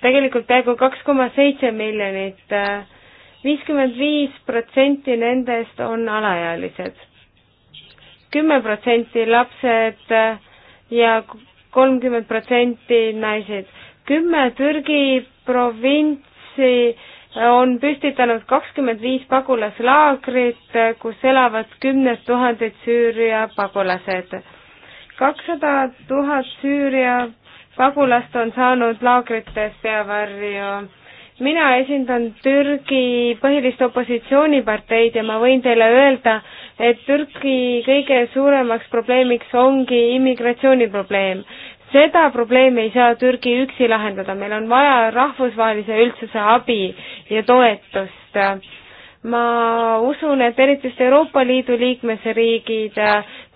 tegelikult peaaegu kaks koma seitse miljonit. viiskümmend viis protsenti nendest on alaealised. kümme protsenti lapsed ja kolmkümmend protsenti naised. kümme Türgi provintsi on püstitanud kakskümmend viis pagulaslaagrit, kus elavad kümned tuhanded Süüria pagulased. kakssada tuhat Süüria pagulast on saanud laagrites peavarju mina esindan Türgi põhilist opositsiooniparteid ja ma võin teile öelda, et Türgi kõige suuremaks probleemiks ongi immigratsiooniprobleem. seda probleemi ei saa Türgi üksi lahendada, meil on vaja rahvusvahelise üldsuse abi ja toetust ma usun, et eriti just Euroopa Liidu liikmesriigid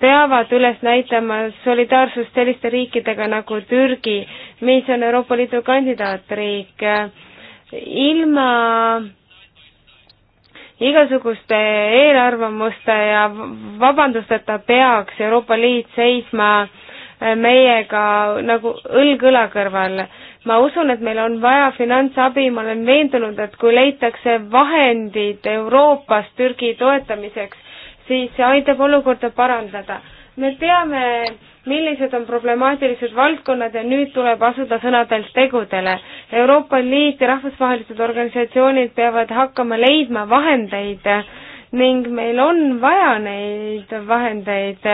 peavad üles näitama solidaarsust selliste riikidega nagu Türgi, mis on Euroopa Liidu kandidaatriik ilma igasuguste eelarvamuste ja vabandusteta peaks Euroopa Liit seisma äh, meiega nagu õlg õla kõrval. ma usun, et meil on vaja finantsabi, ma olen veendunud, et kui leitakse vahendid Euroopas Türgi toetamiseks, siis see aitab olukorda parandada. me peame millised on problemaatilised valdkonnad ja nüüd tuleb asuda sõnadelt tegudele. Euroopa Liit ja rahvusvahelised organisatsioonid peavad hakkama leidma vahendeid ning meil on vaja neid vahendeid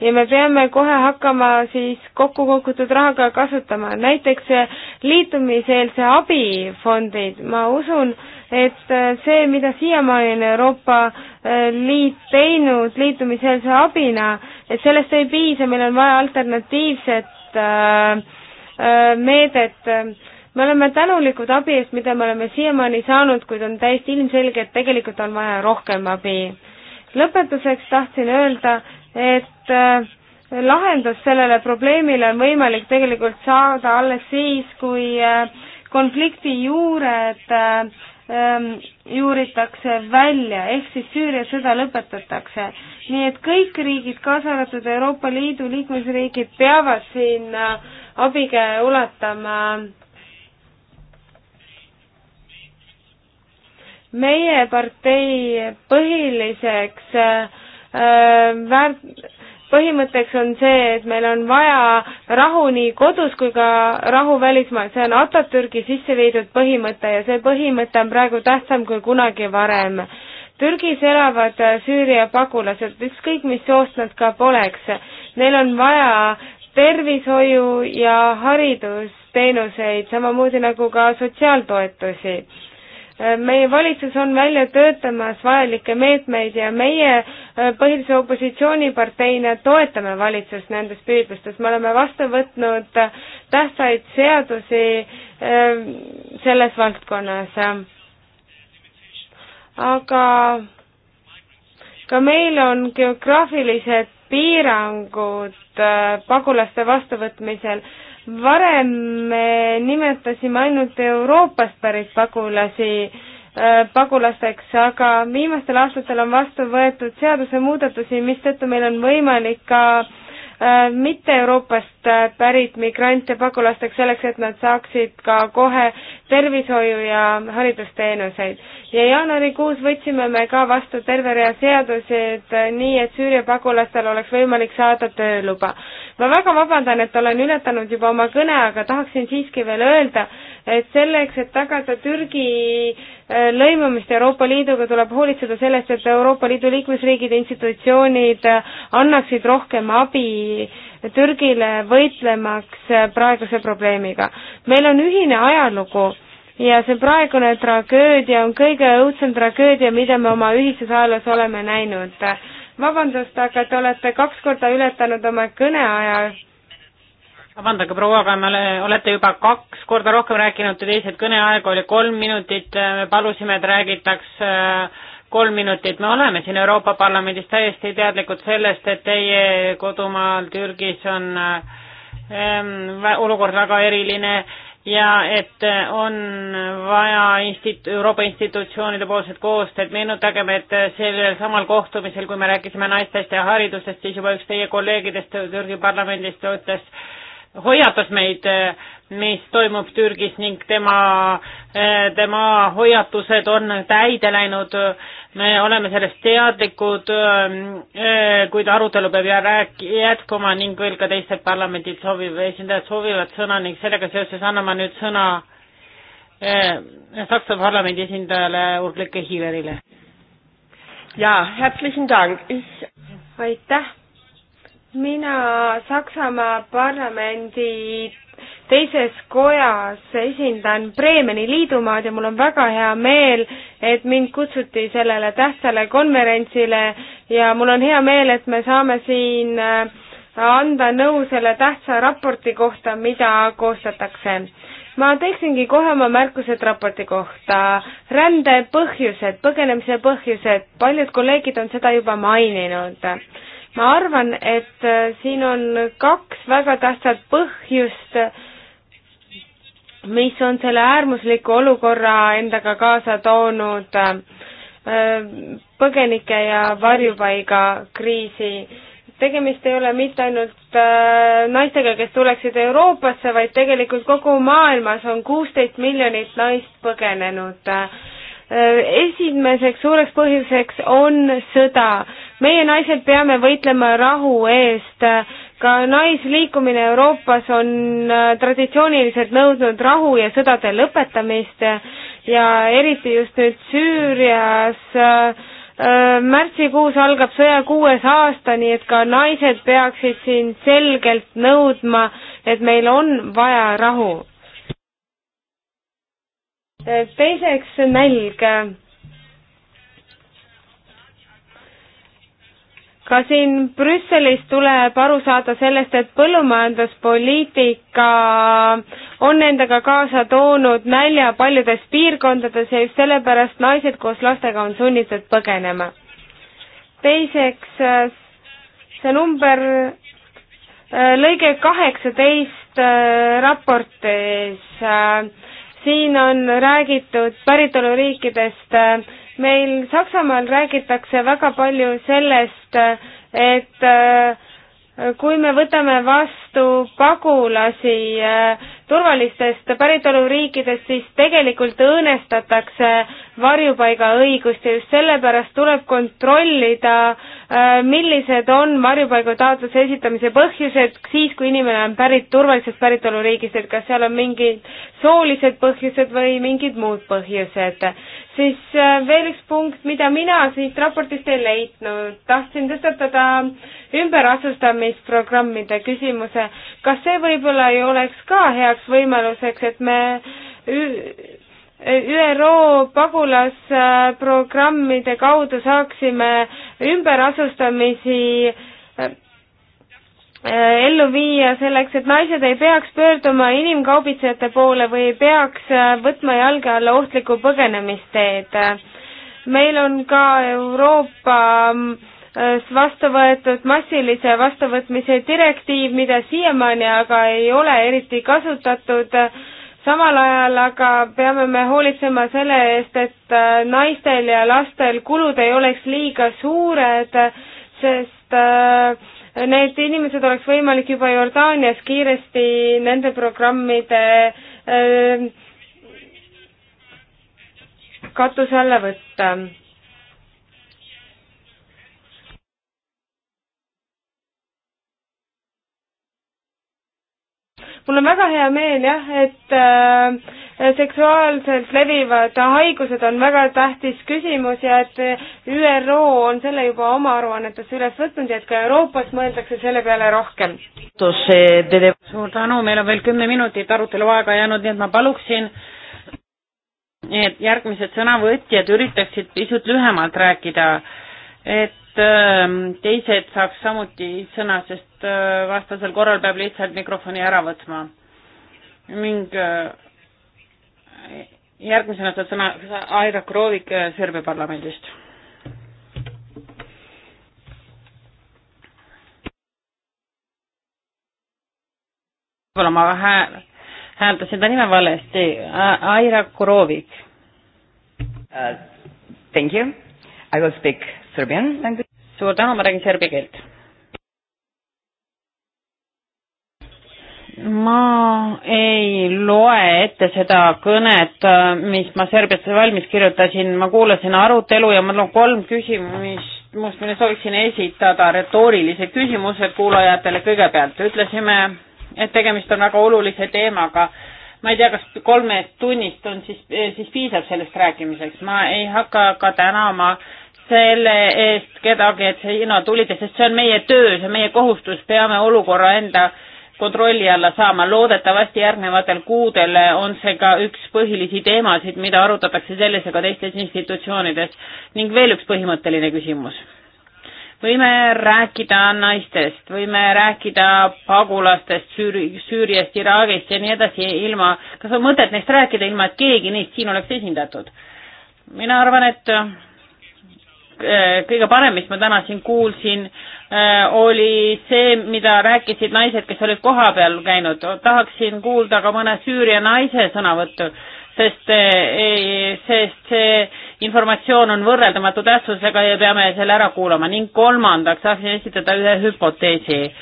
ja me peame kohe hakkama siis kokku kogutud rahaga kasutama, näiteks liitumiseelse abifondid, ma usun, et äh, see, mida siiamaani on Euroopa äh, Liit teinud liitumiseelse abina, et sellest ei piisa, meil on vaja alternatiivset äh, äh, meedet. me oleme tänulikud abi eest, mida me oleme siiamaani saanud, kuid on täiesti ilmselge, et tegelikult on vaja rohkem abi. lõpetuseks tahtsin öelda, et äh, lahendus sellele probleemile on võimalik tegelikult saada alles siis, kui konflikti juured Ehm, juuritakse välja, ehk siis Süüria sõda lõpetatakse. nii et kõik riigid, kaasa arvatud Euroopa Liidu liikmesriigid, peavad siin äh, abikäe ulatama. meie partei põhiliseks äh, äh väärt-, põhimõtteks on see, et meil on vaja rahu nii kodus kui ka rahu välismaal, see on Atatürgi sisse viidud põhimõte ja see põhimõte on praegu tähtsam kui kunagi varem. Türgis elavad Süüria pagulased, ükskõik mis soost nad ka poleks, neil on vaja tervishoiu ja haridusteenuseid, samamoodi nagu ka sotsiaaltoetusi meie valitsus on välja töötamas vajalikke meetmeid ja meie äh, põhilise opositsiooniparteina toetame valitsust nendes püüdlustes, me oleme vastu võtnud äh, tähtsaid seadusi ähm, selles valdkonnas. aga ka meil on geograafilised piirangud äh, pagulaste vastuvõtmisel varem me nimetasime ainult Euroopast pärit pagulasi äh, pagulasteks, aga viimastel aastatel on vastu võetud seadusemuudatusi, mistõttu meil on võimalik ka äh, mitte Euroopast äh, pärit migrante pagulasteks selleks, et nad saaksid ka kohe tervishoiu ja haridusteenuseid. ja jaanuarikuus võtsime me ka vastu terve rea seadusi, et nii, et Süüria pagulastel oleks võimalik saada tööluba ma väga vabandan, et olen ületanud juba oma kõne, aga tahaksin siiski veel öelda, et selleks, et tagada Türgi äh, lõimumist Euroopa Liiduga, tuleb hoolitseda sellest, et Euroopa Liidu liikmesriigid ja institutsioonid äh, annaksid rohkem abi Türgile võitlemaks äh, praeguse probleemiga. meil on ühine ajalugu ja see praegune tragöödia on kõige õudsem tragöödia, mida me oma ühises ajaloos oleme näinud vabandust, aga te olete kaks korda ületanud oma kõneaja. vabandage, proua, aga me olete juba kaks korda rohkem rääkinud, teised kõneaeg oli kolm minutit, me palusime, et räägitaks äh, kolm minutit, me oleme siin Euroopa Parlamendis täiesti teadlikud sellest, et teie kodumaal Türgis on äh, ehm, olukord väga eriline ja et on vaja instit-, Euroopa institutsioonide poolset koostööd, meenutagem, et sellel samal kohtumisel, kui me rääkisime naistest ja haridusest, siis juba üks teie kolleegidest Türgi parlamendist ütles, hoiatas meid, mis toimub Türgis ning tema, tema hoiatused on täide läinud äh, me oleme sellest teadlikud, ähm, äh, kuid arutelu peab rääk-, jätkuma ning veel ka teised parlamendid sooviv, esindajad soovivad sõna ning sellega seoses anname nüüd sõna äh, Saksa parlamendi esindajale Ulrike Hiilerile. jaa, herzlichen Dank ich.... aitäh mina Saksamaa parlamendi teises kojas esindan Bremeni liidumaad ja mul on väga hea meel, et mind kutsuti sellele tähtsale konverentsile ja mul on hea meel, et me saame siin äh, anda nõu selle tähtsa raporti kohta, mida koostatakse. ma teeksingi kohe oma märkused raporti kohta. rände põhjused, põgenemise põhjused, paljud kolleegid on seda juba maininud ma arvan, et äh, siin on kaks väga tähtsat põhjust, mis on selle äärmusliku olukorra endaga kaasa toonud äh, põgenike ja varjupaiga kriisi. tegemist ei ole mitte ainult äh, naistega, kes tuleksid Euroopasse, vaid tegelikult kogu maailmas on kuusteist miljonit naist põgenenud. Äh, esimeseks suureks põhjuseks on sõda. meie naised peame võitlema rahu eest ka naisliikumine Euroopas on äh, traditsiooniliselt nõudnud rahu ja sõdade lõpetamist ja eriti just nüüd Süürias äh, äh, märtsikuus algab sõja kuues aasta, nii et ka naised peaksid siin selgelt nõudma, et meil on vaja rahu. teiseks nälg ka siin Brüsselis tuleb aru saada sellest, et põllumajanduspoliitika on endaga kaasa toonud nälja paljudes piirkondades ja just sellepärast naised koos lastega on sunnitud põgenema. teiseks, see number äh, lõige kaheksateist äh, raportis, äh, siin on räägitud päritoluriikidest äh, meil Saksamaal räägitakse väga palju sellest, et äh, kui me võtame vastu pagulasi, äh, turvalistest päritoluriikidest, siis tegelikult õõnestatakse varjupaigaõigust ja just sellepärast tuleb kontrollida, äh, millised on varjupaigataotluse esitamise põhjused siis, kui inimene on pärit turvalisest päritoluriigist, et kas seal on mingid soolised põhjused või mingid muud põhjused. siis äh, veel üks punkt, mida mina siit raportist ei leidnud, tahtsin tõstatada ümberasustamisprogrammide küsimuse. kas see võib-olla ei oleks ka hea suureks võimaluseks, et me ÜRO pagulasprogrammide kaudu saaksime ümberasustamisi äh, äh, ellu viia selleks, et naised ei peaks pöörduma inimkaubitsejate poole või ei peaks äh, võtma jalge alla ohtlikku põgenemisteed. meil on ka Euroopa mm, Äh, vastu võetud massilise vastuvõtmise direktiiv, mida siiamaani aga ei ole eriti kasutatud. samal ajal aga peame me hoolitsema selle eest, et äh, naistel ja lastel kulud ei oleks liiga suured, sest äh, need inimesed oleks võimalik juba Jordaanias kiiresti nende programmide katuse alla võtta mul on väga hea meel jah, et äh, seksuaalselt levivad haigused on väga tähtis küsimus ja et ÜRO on selle juba oma aruannetesse üles võtnud ja et ka Euroopas mõeldakse selle peale rohkem. suur tänu, meil on veel kümme minutit arutelu aega jäänud, nii et ma paluksin, et järgmised sõnavõtjad üritaksid pisut lühemalt rääkida, et et ähm, teised saaks samuti sõna, sest äh, vastasel korral peab lihtsalt mikrofoni ära võtma. ning äh, järgmisena saab sõna Aira Kroovik äh, Serbia parlamendist. võib-olla ma hääl, hääldasin ta nime valesti, Aira Kroovik uh,. Thank you, I will speak Serbian language. suur tänu, ma räägin serbi keelt. ma ei loe ette seda kõnet, mis ma Serbiasse valmis kirjutasin, ma kuulasin arutelu ja mul on kolm küsimust, mille sooviksin esitada, retoorilised küsimused kuulajatele kõigepealt. ütlesime, et tegemist on väga olulise teemaga ma ei tea, kas kolmest tunnist on siis, siis piisab sellest rääkimiseks, ma ei hakka ka tänama selle eest kedagi, et sina tulid, sest see on meie töö, see on meie kohustus, peame olukorra enda kontrolli alla saama. loodetavasti järgnevatel kuudel on see ka üks põhilisi teemasid, mida arutatakse selles ja ka teistes institutsioonides. ning veel üks põhimõtteline küsimus. võime rääkida naistest, võime rääkida pagulastest Süüri-, Süüriast, Iraagist ja nii edasi, ilma, kas on mõtet neist rääkida, ilma et keegi neist siin oleks esindatud? mina arvan, et Äh, kõige parem, mis ma täna siin kuulsin, äh, oli see, mida rääkisid naised, kes olid kohapeal käinud. tahaksin kuulda ka mõne Süüria naise sõnavõttu, sest, äh, sest see informatsioon on võrreldamatu tähtsusega ja peame selle ära kuulama. ning kolmandaks tahaksin esitada ühe hüpoteesi.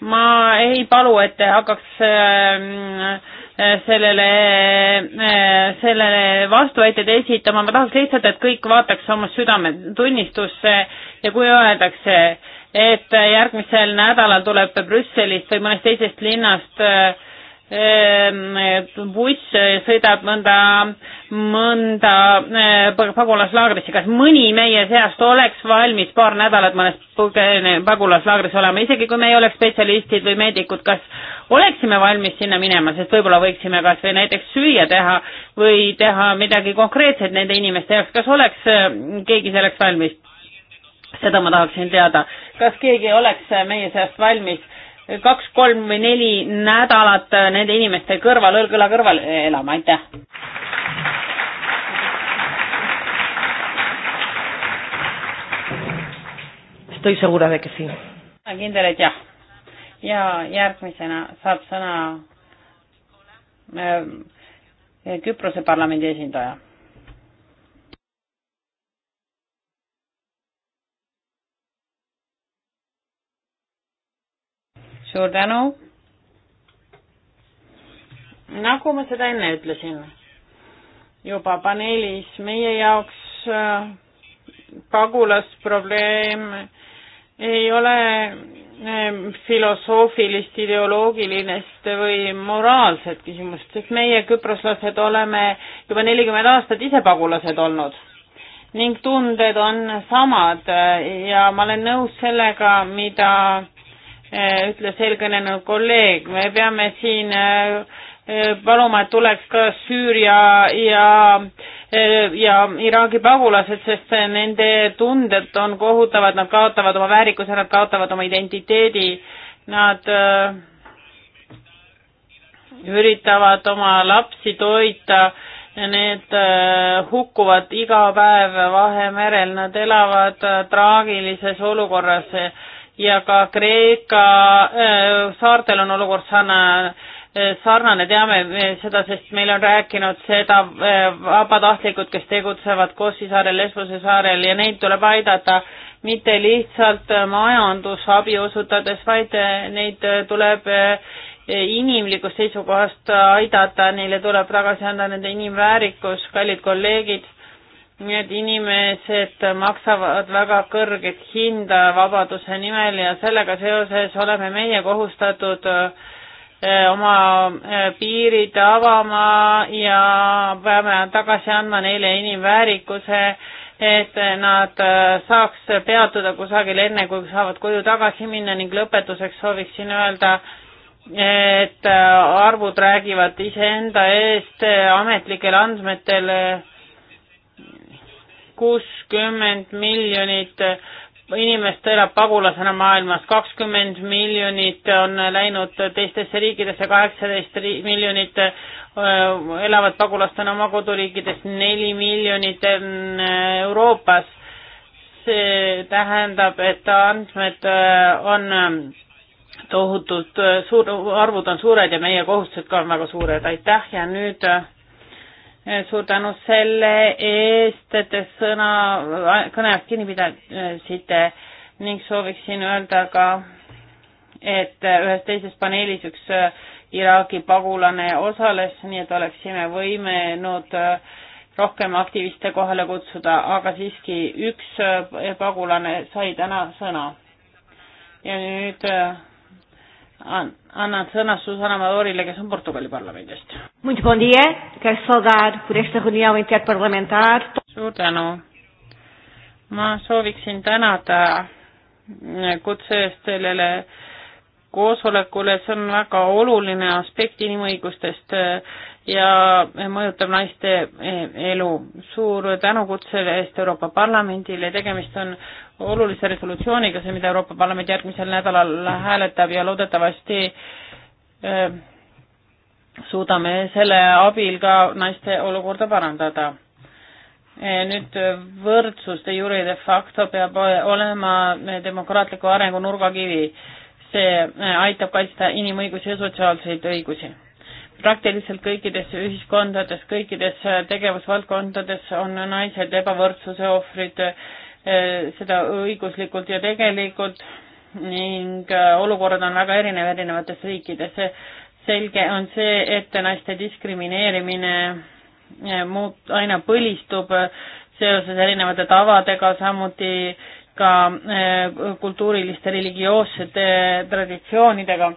ma ei palu, et te hakkaks äh, Äh, sellele, äh, sellele vastuväited esitama, ma tahaks lihtsalt, et kõik vaataks oma südametunnistusse ja kui öeldakse, et järgmisel nädalal tuleb Brüsselist või mõnest teisest linnast äh, Ehm, buss sõidab mõnda, mõnda eh, pagulaslaagrisse, kas mõni meie seast oleks valmis paar nädalat mõnes pagulaslaagris olema, isegi kui me ei oleks spetsialistid või meedikud, kas oleksime valmis sinna minema, sest võib-olla võiksime kas või näiteks süüa teha või teha midagi konkreetset nende inimeste jaoks, kas oleks eh, keegi selleks valmis? seda ma tahaksin teada, kas keegi oleks meie seast valmis kaks, kolm või neli nädalat nende inimeste kõrval, õlg-õla kõrval elama, aitäh! estoy segura de que sí. kindel, et jah. ja järgmisena saab sõna ähm, Küprose parlamendi esindaja. suur tänu. nagu ma seda enne ütlesin, juba paneelis meie jaoks äh, pagulasprobleem ei ole äh, filosoofilist, ideoloogilinest või moraalset küsimust, sest meie küproslased oleme juba nelikümmend aastat ise pagulased olnud ning tunded on samad äh, ja ma olen nõus sellega, mida Eh, ütles eelkõnelenud kolleeg, me peame siin eh, eh, paluma, et tuleks ka Süüria ja, ja Iraagi pagulased, sest nende tunded on kohutavad, nad kaotavad oma väärikuse, nad kaotavad oma identiteedi, nad üritavad oma lapsi toita ja need hukkuvad iga päev Vahemerel, nad elavad traagilises olukorras ja ka Kreeka äh, saartel on olukord sarnane, äh, sarnane, teame seda, sest meil on rääkinud seda äh, vabatahtlikud, kes tegutsevad Kossi saarel, Lesbose saarel ja neid tuleb aidata mitte lihtsalt majandusabi osutades, vaid neid tuleb inimlikust seisukohast aidata, neile tuleb tagasi anda nende inimväärikus, kallid kolleegid Need inimesed maksavad väga kõrget hinda vabaduse nimel ja sellega seoses oleme meie kohustatud eh, oma eh, piirid avama ja peame tagasi andma neile inimväärikuse, et nad eh, saaks peatuda kusagil enne, kui saavad koju tagasi minna ning lõpetuseks sooviksin öelda, et arvud räägivad iseenda eest ametlikel andmetel kuuskümmend miljonit inimest elab pagulasena maailmas, kakskümmend miljonit on läinud teistesse riikidesse, kaheksateist miljonit äh, elavad pagulastena oma koduriikides, neli miljonit on äh, Euroopas. see tähendab, et andmed äh, on tohutult suur, arvud on suured ja meie kohustused ka on väga suured, aitäh ja nüüd Eh, suur tänu selle eest, et te sõna, kõneajast kinni pidasite ning sooviksin öelda ka, et ühes teises paneelis üks eh, Iraagi pagulane osales, nii et oleksime võimenud eh, rohkem aktiviste kohale kutsuda, aga siiski üks pagulane sai täna sõna. ja nüüd annan sõna Susana Madorile, kes on Portugali parlamendist. suur tänu. ma sooviksin tänada kutse eest sellele koosolekule, see on väga oluline aspekt inimõigustest äh, ja mõjutab naiste äh, elu. suur tänu kutsele eest Euroopa Parlamendile, tegemist on olulise resolutsiooniga, see, mida Euroopa Parlament järgmisel nädalal hääletab ja loodetavasti äh, suudame selle abil ka naiste olukorda parandada. Äh, nüüd võrdsus de jure de facto peab olema demokraatliku arengu nurgakivi. see äh, aitab kaitsta inimõigusi ja sotsiaalseid õigusi praktiliselt kõikides ühiskondades, kõikides tegevusvaldkondades on naised ebavõrdsuse ohvrid Eh, seda õiguslikult ja tegelikult ning eh, olukorrad on väga erinev erinevates riikides. selge on see, et naiste diskrimineerimine eh, muut-, aina põlistub seoses erinevate tavadega, samuti ka kultuuriliste religioossete traditsioonidega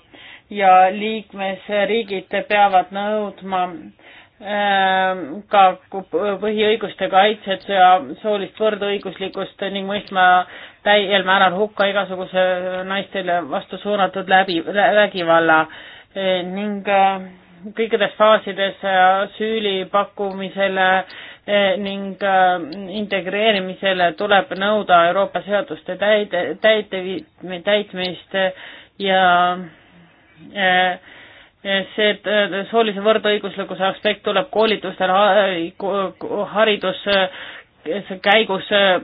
ja liikmesriigid peavad nõudma äh, Äh, ka põhiõiguste kaitset ja soolist võrdõiguslikkust ning mõistma täiel määral hukka igasuguse naistele vastu suunatud läbi, vägivalla äh, ning äh, kõikides faasides süüli pakkumisele ning integreerimisele tuleb nõuda Euroopa seaduste täide, täite, täitmist ja äh, see soolise võrdõiguslikkuse aspekt tuleb koolitustel, haridus äh, käigus äh,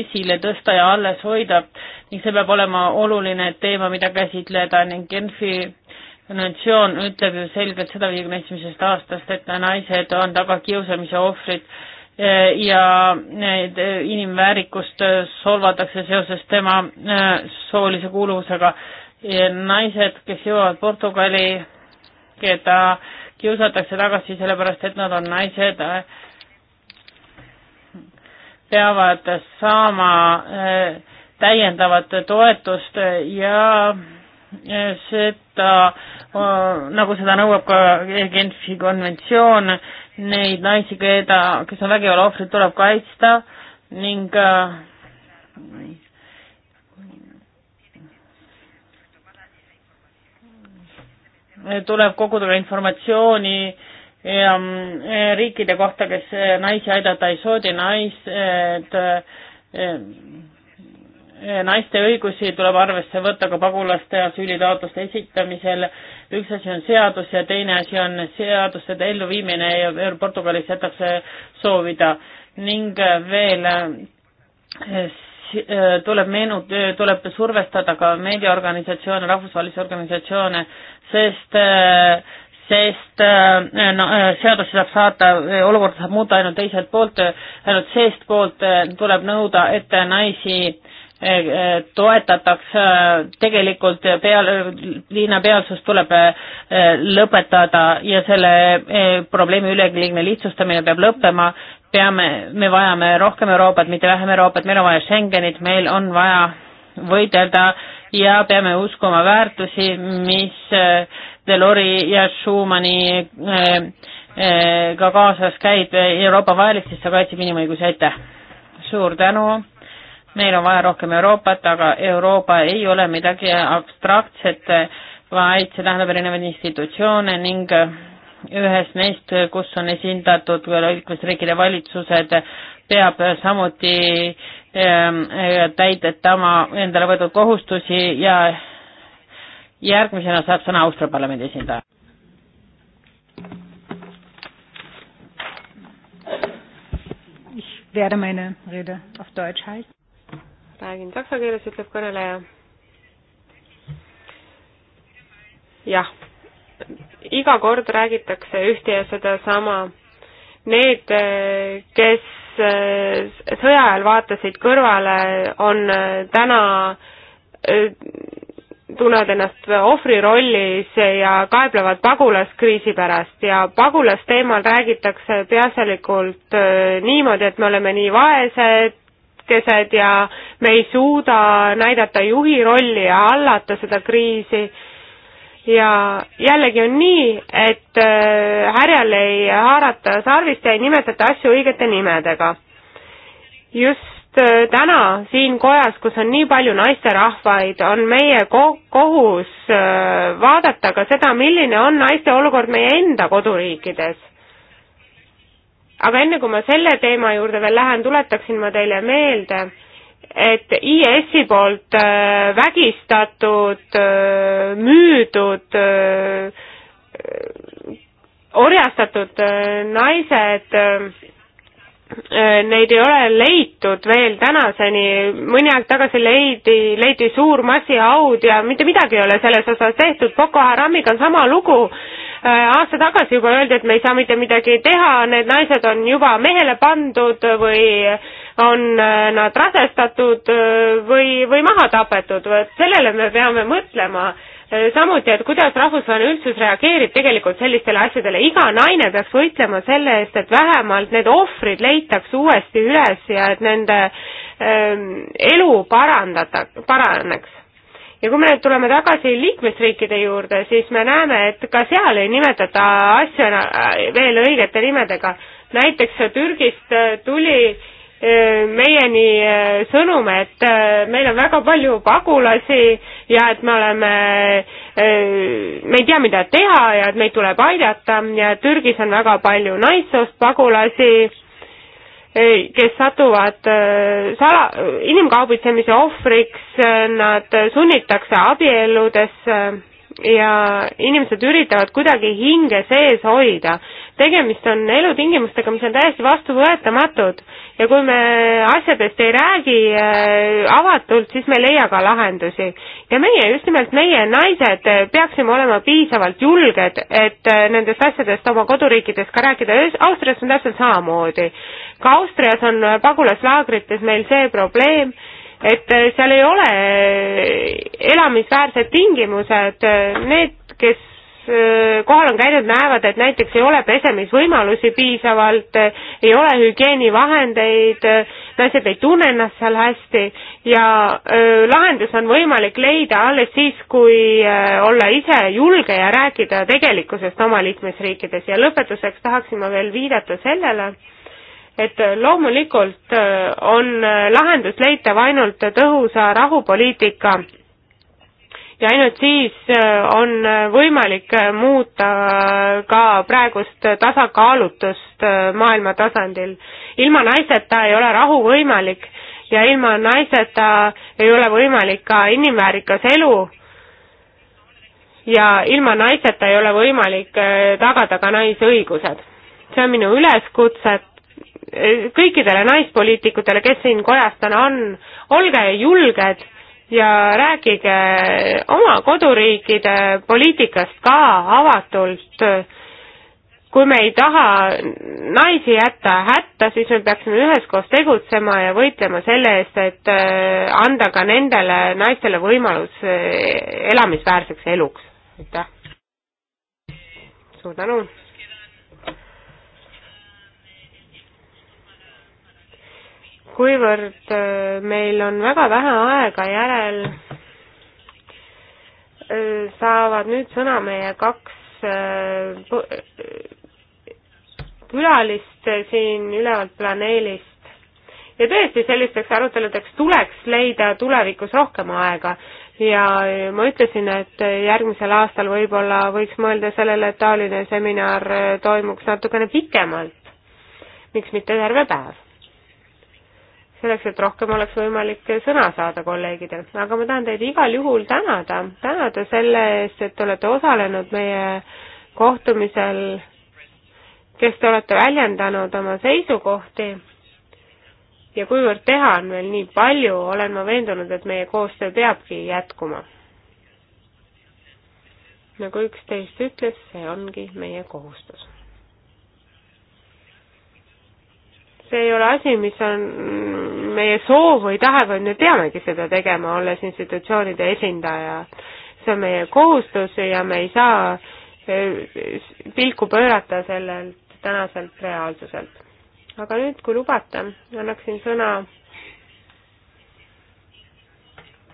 esile tõsta ja alles hoida ning see peab olema oluline teema, mida käsitleda ning Genfi konventsioon ütleb ju selgelt seda viiekümne esimesest aastast, et naised on tagakiusamise ohvrid äh, ja need inimväärikust solvatakse seoses tema soolise kuuluvusega. naised, kes jõuavad Portugali keda kiusatakse tagasi sellepärast, et nad on naised, äh, peavad saama äh, täiendavat toetust ja seda, äh, nagu seda nõuab ka Genfi konventsioon, neid naisi, keda, kes on vägivalla ohvrid, tuleb kaitsta ning tuleb koguda informatsiooni ja e, riikide kohta, kes e, naisi aidata ei soovi, naised, e, naiste õigusi tuleb arvesse võtta ka pagulaste asüülitaotluste esitamisel. üks asi on seadus ja teine asi on seaduste elluviimine ja Portugalis jätab see soovida ning veel Eh, tuleb meenut-, tuleb survestada ka meediaorganisatsioone, rahvusvahelisi organisatsioone, sest eh, sest eh, no, seadusi saab saata, olukorda saab muuta ainult teiselt poolt, ainult seestpoolt tuleb nõuda, et naisi toetatakse tegelikult peal, linnapealsus tuleb lõpetada ja selle probleemi üleliigne lihtsustamine peab lõppema peame, me vajame rohkem Euroopat, mitte vähem Euroopat, meil on vaja Schengenit, meil on vaja võidelda ja peame uskuma väärtusi, mis äh, Delori ja Schumanni äh, äh, ka kaasas käib Euroopa vahelistest, see kaitseb inimõigusi, aitäh! suur tänu, meil on vaja rohkem Euroopat, aga Euroopa ei ole midagi abstraktset, vaid see tähendab erinevaid institutsioone ning ühes neist, kus on esindatud liikmesriikide valitsused, peab samuti ähm, täidetama endale võetud kohustusi ja järgmisena saab sõna Austria parlamendi esindaja. werde meine Rede auf Deutsch halten. räägin saksa keeles, ütleb kõneleja. jah iga kord räägitakse ühte ja sedasama. Need, kes eh, sõja ajal vaatasid kõrvale, on eh, täna, eh, tunnevad ennast ohvrirollis ja kaeblevad pagulaskriisi pärast ja pagulasteemal räägitakse peaasjalikult niimoodi, et me oleme nii vaesed, lühikesed ja me ei suuda näidata juhi rolli ja hallata seda kriisi ja jällegi on nii, et äh, härjal ei haarata sarvist ja ei nimetata asju õigete nimedega. just äh, täna siin kojas, kus on nii palju naisterahvaid, on meie ko-, kohus äh, vaadata ka seda, milline on naiste olukord meie enda koduriikides. aga enne, kui ma selle teema juurde veel lähen, tuletaksin ma teile meelde, et IS-i poolt äh, vägistatud, äh, müüdud, äh, orjastatud naised, neid ei ole leitud veel tänaseni, mõni aeg tagasi leidi, leiti suur massihaud ja mitte midagi ei ole selles osas tehtud, Boko Haramiga on sama lugu, Äh, aasta tagasi juba öeldi, et me ei saa mitte midagi teha, need naised on juba mehele pandud või on äh, nad rasestatud äh, või, või maha tapetud, vot sellele me peame mõtlema. samuti, et kuidas rahvusvaheline üldsus reageerib tegelikult sellistele asjadele, iga naine peaks võitlema selle eest, et vähemalt need ohvrid leitakse uuesti üles ja et nende ähm, elu parandata, paraneks ja kui me nüüd tuleme tagasi liikmesriikide juurde, siis me näeme, et ka seal ei nimetata asja äh, veel õigete nimedega. näiteks Türgist äh, tuli äh, meieni sõnum, et meil on väga palju pagulasi ja et me oleme, me ei tea, mida teha ja et meid tuleb aidata ja Türgis on väga palju naissoost pagulasi kes satuvad äh, sala, inimkaubitsemise ohvriks, äh, nad sunnitakse abielludesse äh, ja inimesed üritavad kuidagi hinge sees hoida. tegemist on elutingimustega, mis on täiesti vastuvõetamatud ja kui me asjadest ei räägi äh, avatult, siis me ei leia ka lahendusi. ja meie, just nimelt meie, naised, äh, peaksime olema piisavalt julged, et äh, nendest asjadest oma koduriikides ka rääkida, Austrias on täpselt samamoodi. ka Austrias on pagulaslaagrites meil see probleem, et seal ei ole elamisväärsed tingimused, need, kes kohal on käinud, näevad, et näiteks ei ole pesemisvõimalusi piisavalt, ei ole hügieenivahendeid, naised ei tunne ennast seal hästi ja öö, lahendus on võimalik leida alles siis, kui öö, olla ise julge ja rääkida tegelikkusest oma liikmesriikides ja lõpetuseks tahaksin ma veel viidata sellele, et loomulikult on lahendus leitav ainult tõhusa rahupoliitika ja ainult siis äh, on äh, võimalik äh, muuta ka praegust tasakaalutust maailma tasandil. ilma naiseta ei ole rahu võimalik ja ilma naiseta ei ole võimalik ka inimväärikas elu ja ilma naiseta ei ole võimalik tagada ka naisõigused. see on minu üleskutse kõikidele naispoliitikutele, kes siin kojas täna on, olge julged ja rääkige oma koduriikide poliitikast ka avatult. kui me ei taha naisi jätta hätta, siis me peaksime üheskoos tegutsema ja võitlema selle eest, et äh, anda ka nendele naistele võimalus äh, elamisväärseks eluks. aitäh! suur tänu! kuivõrd äh, meil on väga vähe aega järel, äh, saavad nüüd sõna meie kaks äh, külalist siin ülevalt planeelist. ja tõesti, sellisteks aruteludeks tuleks leida tulevikus rohkem aega ja ma ütlesin, et järgmisel aastal võib-olla võiks mõelda sellele, et taoline seminar toimuks natukene pikemalt, miks mitte terve päev selleks, et rohkem oleks võimalik sõna saada kolleegidel. aga ma tahan teid igal juhul tänada, tänada selle eest, et te olete osalenud meie kohtumisel, kes te olete väljendanud oma seisukohti ja kuivõrd teha on veel nii palju, olen ma veendunud, et meie koostöö peabki jätkuma. nagu üksteist ütles, see ongi meie kohustus see ei ole asi, mis on meie soov või tahe, vaid me peamegi seda tegema, olles institutsioonide esindaja. see on meie kohustus ja me ei saa eh, pilku pöörata sellelt tänaselt reaalsuselt. aga nüüd, kui lubate, annaksin sõna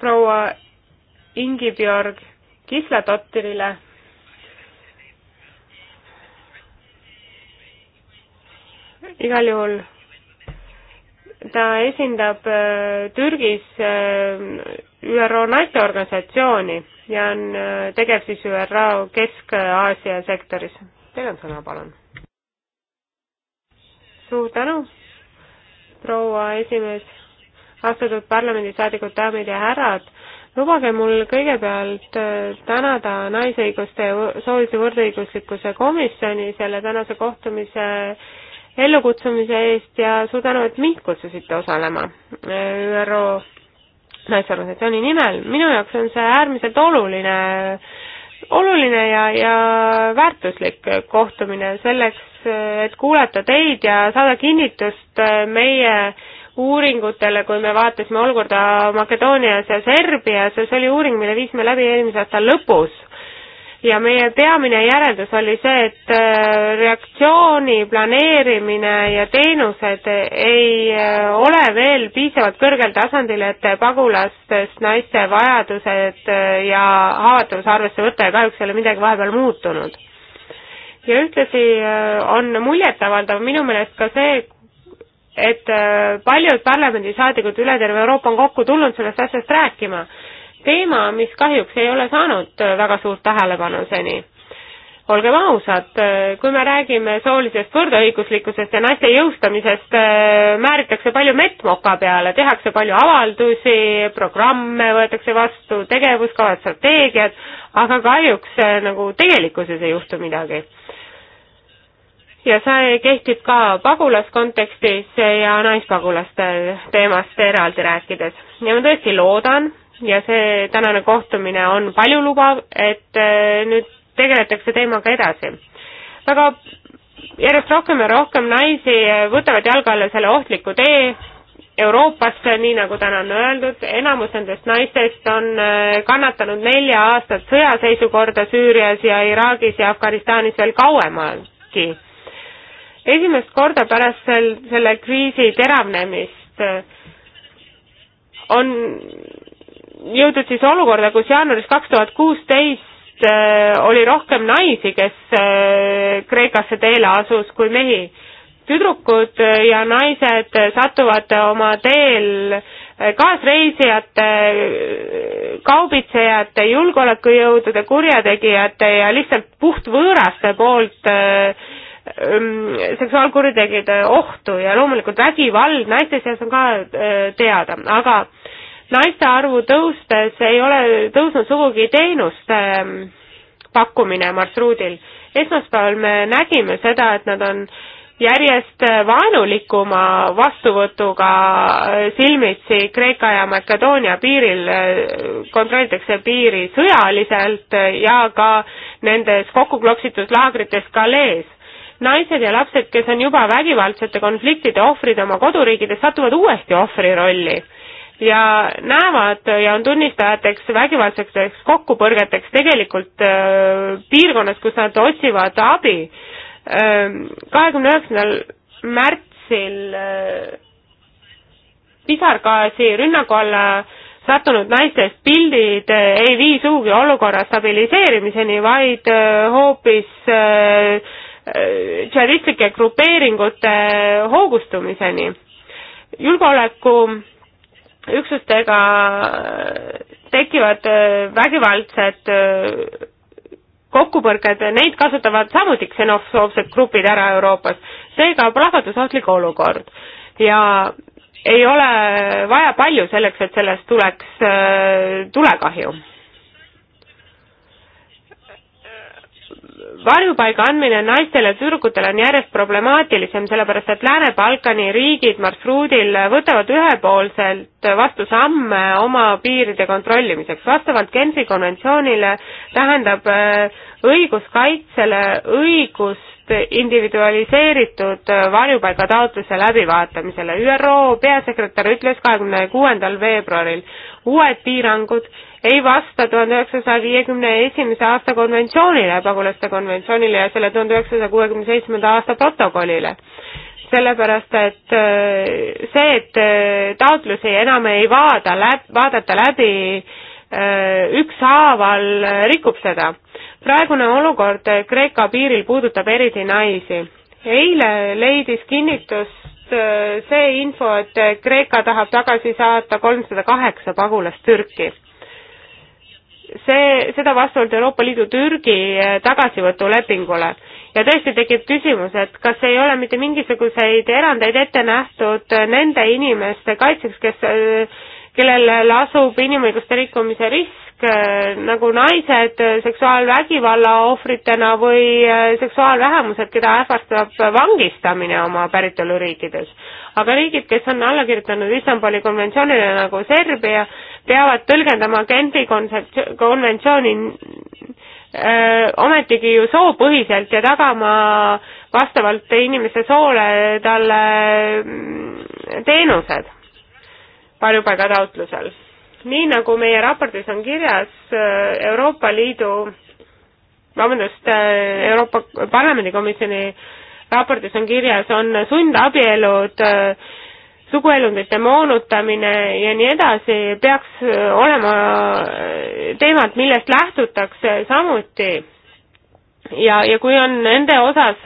proua Ingibjörg Kislatottirile igal juhul ta esindab äh, Türgis äh, ÜRO naiste organisatsiooni ja on äh, tegev siis ÜRO Kesk-Aasia sektoris. Teil on sõna, palun. suur tänu, proua esimees, austatud parlamendisaadikud, daamid ja härrad lubage mul kõigepealt tänada Naisõiguste ja soolise võrdõiguslikkuse komisjoni selle tänase kohtumise ellukutsumise eest ja suur tänu, et mind kutsusite osalema äh, ÜRO naisorganisatsiooni nimel. minu jaoks on see äärmiselt oluline, oluline ja, ja väärtuslik kohtumine selleks, et kuulata teid ja saada kinnitust äh, meie uuringutele, kui me vaatasime olukorda Makedoonias ja Serbias ja see oli uuring, mille viisime läbi eelmise aasta lõpus ja meie peamine järeldus oli see, et äh, reaktsiooni planeerimine ja teenused ei äh, ole veel piisavalt kõrgel tasandil, et pagulastest naiste vajadused äh, ja haavatavuse arvesse võtta ja kahjuks ei ole midagi vahepeal muutunud. ja ühtlasi on muljetavaldav minu meelest ka see, et paljud parlamendisaadikud üle terve Euroopa on kokku tulnud sellest asjast rääkima teema, mis kahjuks ei ole saanud äh, väga suurt tähelepanu seni olgem ausad, äh, kui me räägime soolisest võrdõiguslikkusest ja naiste jõustamisest, äh, määritakse palju mettmoka peale, tehakse palju avaldusi, programme võetakse vastu, tegevuskavad, strateegiad, aga kahjuks nagu tegelikkuses ei juhtu midagi. ja see kehtib ka pagulaskontekstis ja naispagulaste teemast eraldi rääkides ja ma tõesti loodan, ja see tänane kohtumine on paljulubav, et äh, nüüd tegeletakse teemaga edasi. väga järjest rohkem ja rohkem naisi äh, võtavad jalge alla selle ohtliku tee Euroopasse, nii nagu täna on öeldud, enamus nendest naistest on äh, kannatanud nelja aastat sõjaseisukorda Süürias ja Iraagis ja Afganistanis veel kauemalgi. esimest korda pärast sel, selle kriisi teravnemist on jõudnud siis olukorda, kus jaanuaris kaks tuhat kuusteist äh, oli rohkem naisi, kes äh, Kreekasse teele asus, kui mehi. tüdrukud äh, ja naised satuvad oma teel kaasreisijate, kaubitsejate, julgeolekujõudude, kurjategijate ja lihtsalt puhtvõõraste poolt ähm, seksuaalkuritegude ohtu ja loomulikult vägivald naiste seas on ka teada, aga naiste arvu tõustes ei ole tõusnud sugugi teenuste ähm, pakkumine marsruudil. esmaspäeval me nägime seda, et nad on järjest vaenulikuma vastuvõtuga äh, silmitsi Kreeka ja Makedoonia piiril, äh, kontrollitakse piiri sõjaliselt äh, ja ka nendes kokku klopsitud laagrites Galees. naised ja lapsed, kes on juba vägivaldsete konfliktide ohvrid oma koduriikides, satuvad uuesti ohvri rolli ja näevad ja on tunnistajateks vägivaldseteks kokkupõrgeteks tegelikult äh, piirkonnas, kus nad otsivad abi. Ähm, kahekümne üheksandal märtsil äh, pisargaasi rünnaku alla sattunud naistest pildid äh, ei vii sugugi olukorra stabiliseerimiseni, vaid hoopis džihadistlike grupeeringute hoogustumiseni. julgeoleku üksustega äh, tekivad äh, vägivaldsed äh, kokkupõrked, neid kasutavad samuti ksenofoobsed grupid ära Euroopas. seega plahvatusohtlik olukord ja ei ole vaja palju selleks, et sellest tuleks tulekahju varjupaiga andmine naistele ja tüdrukutele on järjest problemaatilisem, sellepärast et Lääne-Balkani riigid marsruudil võtavad ühepoolselt vastu samme oma piiride kontrollimiseks. vastavalt Genfi konventsioonile tähendab äh, õiguskaitsele õigust individualiseeritud varjupaigataotluse läbivaatamisele. ÜRO peasekretär ütles kahekümne kuuendal veebruaril, uued piirangud ei vasta tuhande üheksasaja viiekümne esimese aasta konventsioonile, pagulaste konventsioonile ja selle tuhande üheksasaja kuuekümne seitsmenda aasta protokollile. sellepärast, et äh, see, et äh, taotlusi enam ei vaada läb-, vaadata läbi äh, ükshaaval, rikub seda. praegune olukord Kreeka piiril puudutab eriti naisi. eile leidis kinnitust see info, et Kreeka tahab tagasi saata kolmsada kaheksa pagulast Türki see, seda vastavalt Euroopa Liidu Türgi eh, tagasivõtulepingule. ja tõesti tekib küsimus, et kas ei ole mitte mingisuguseid erandeid ette nähtud eh, nende inimeste kaitseks, kes eh, kellel lasub inimõiguste rikkumise risk, äh, nagu naised äh, seksuaalvägivalla ohvritena või äh, seksuaalvähemused, keda ähvardab vangistamine oma päritoluriikides. aga riigid, kes on alla kirjutanud Istanbuli konventsioonile nagu Serbia, peavad tõlgendama Genfi konventsiooni öö, ometigi ju soopõhiselt ja tagama vastavalt inimese soole talle mm, teenused varjupaigataotlusel. nii nagu meie raportis on kirjas, äh, Euroopa Liidu, vabandust, äh, Euroopa Parlamendi komisjoni raportis on kirjas, on sundabielud, äh, suguelundite moonutamine ja nii edasi, peaks olema teemad, millest lähtutakse samuti. ja, ja kui on nende osas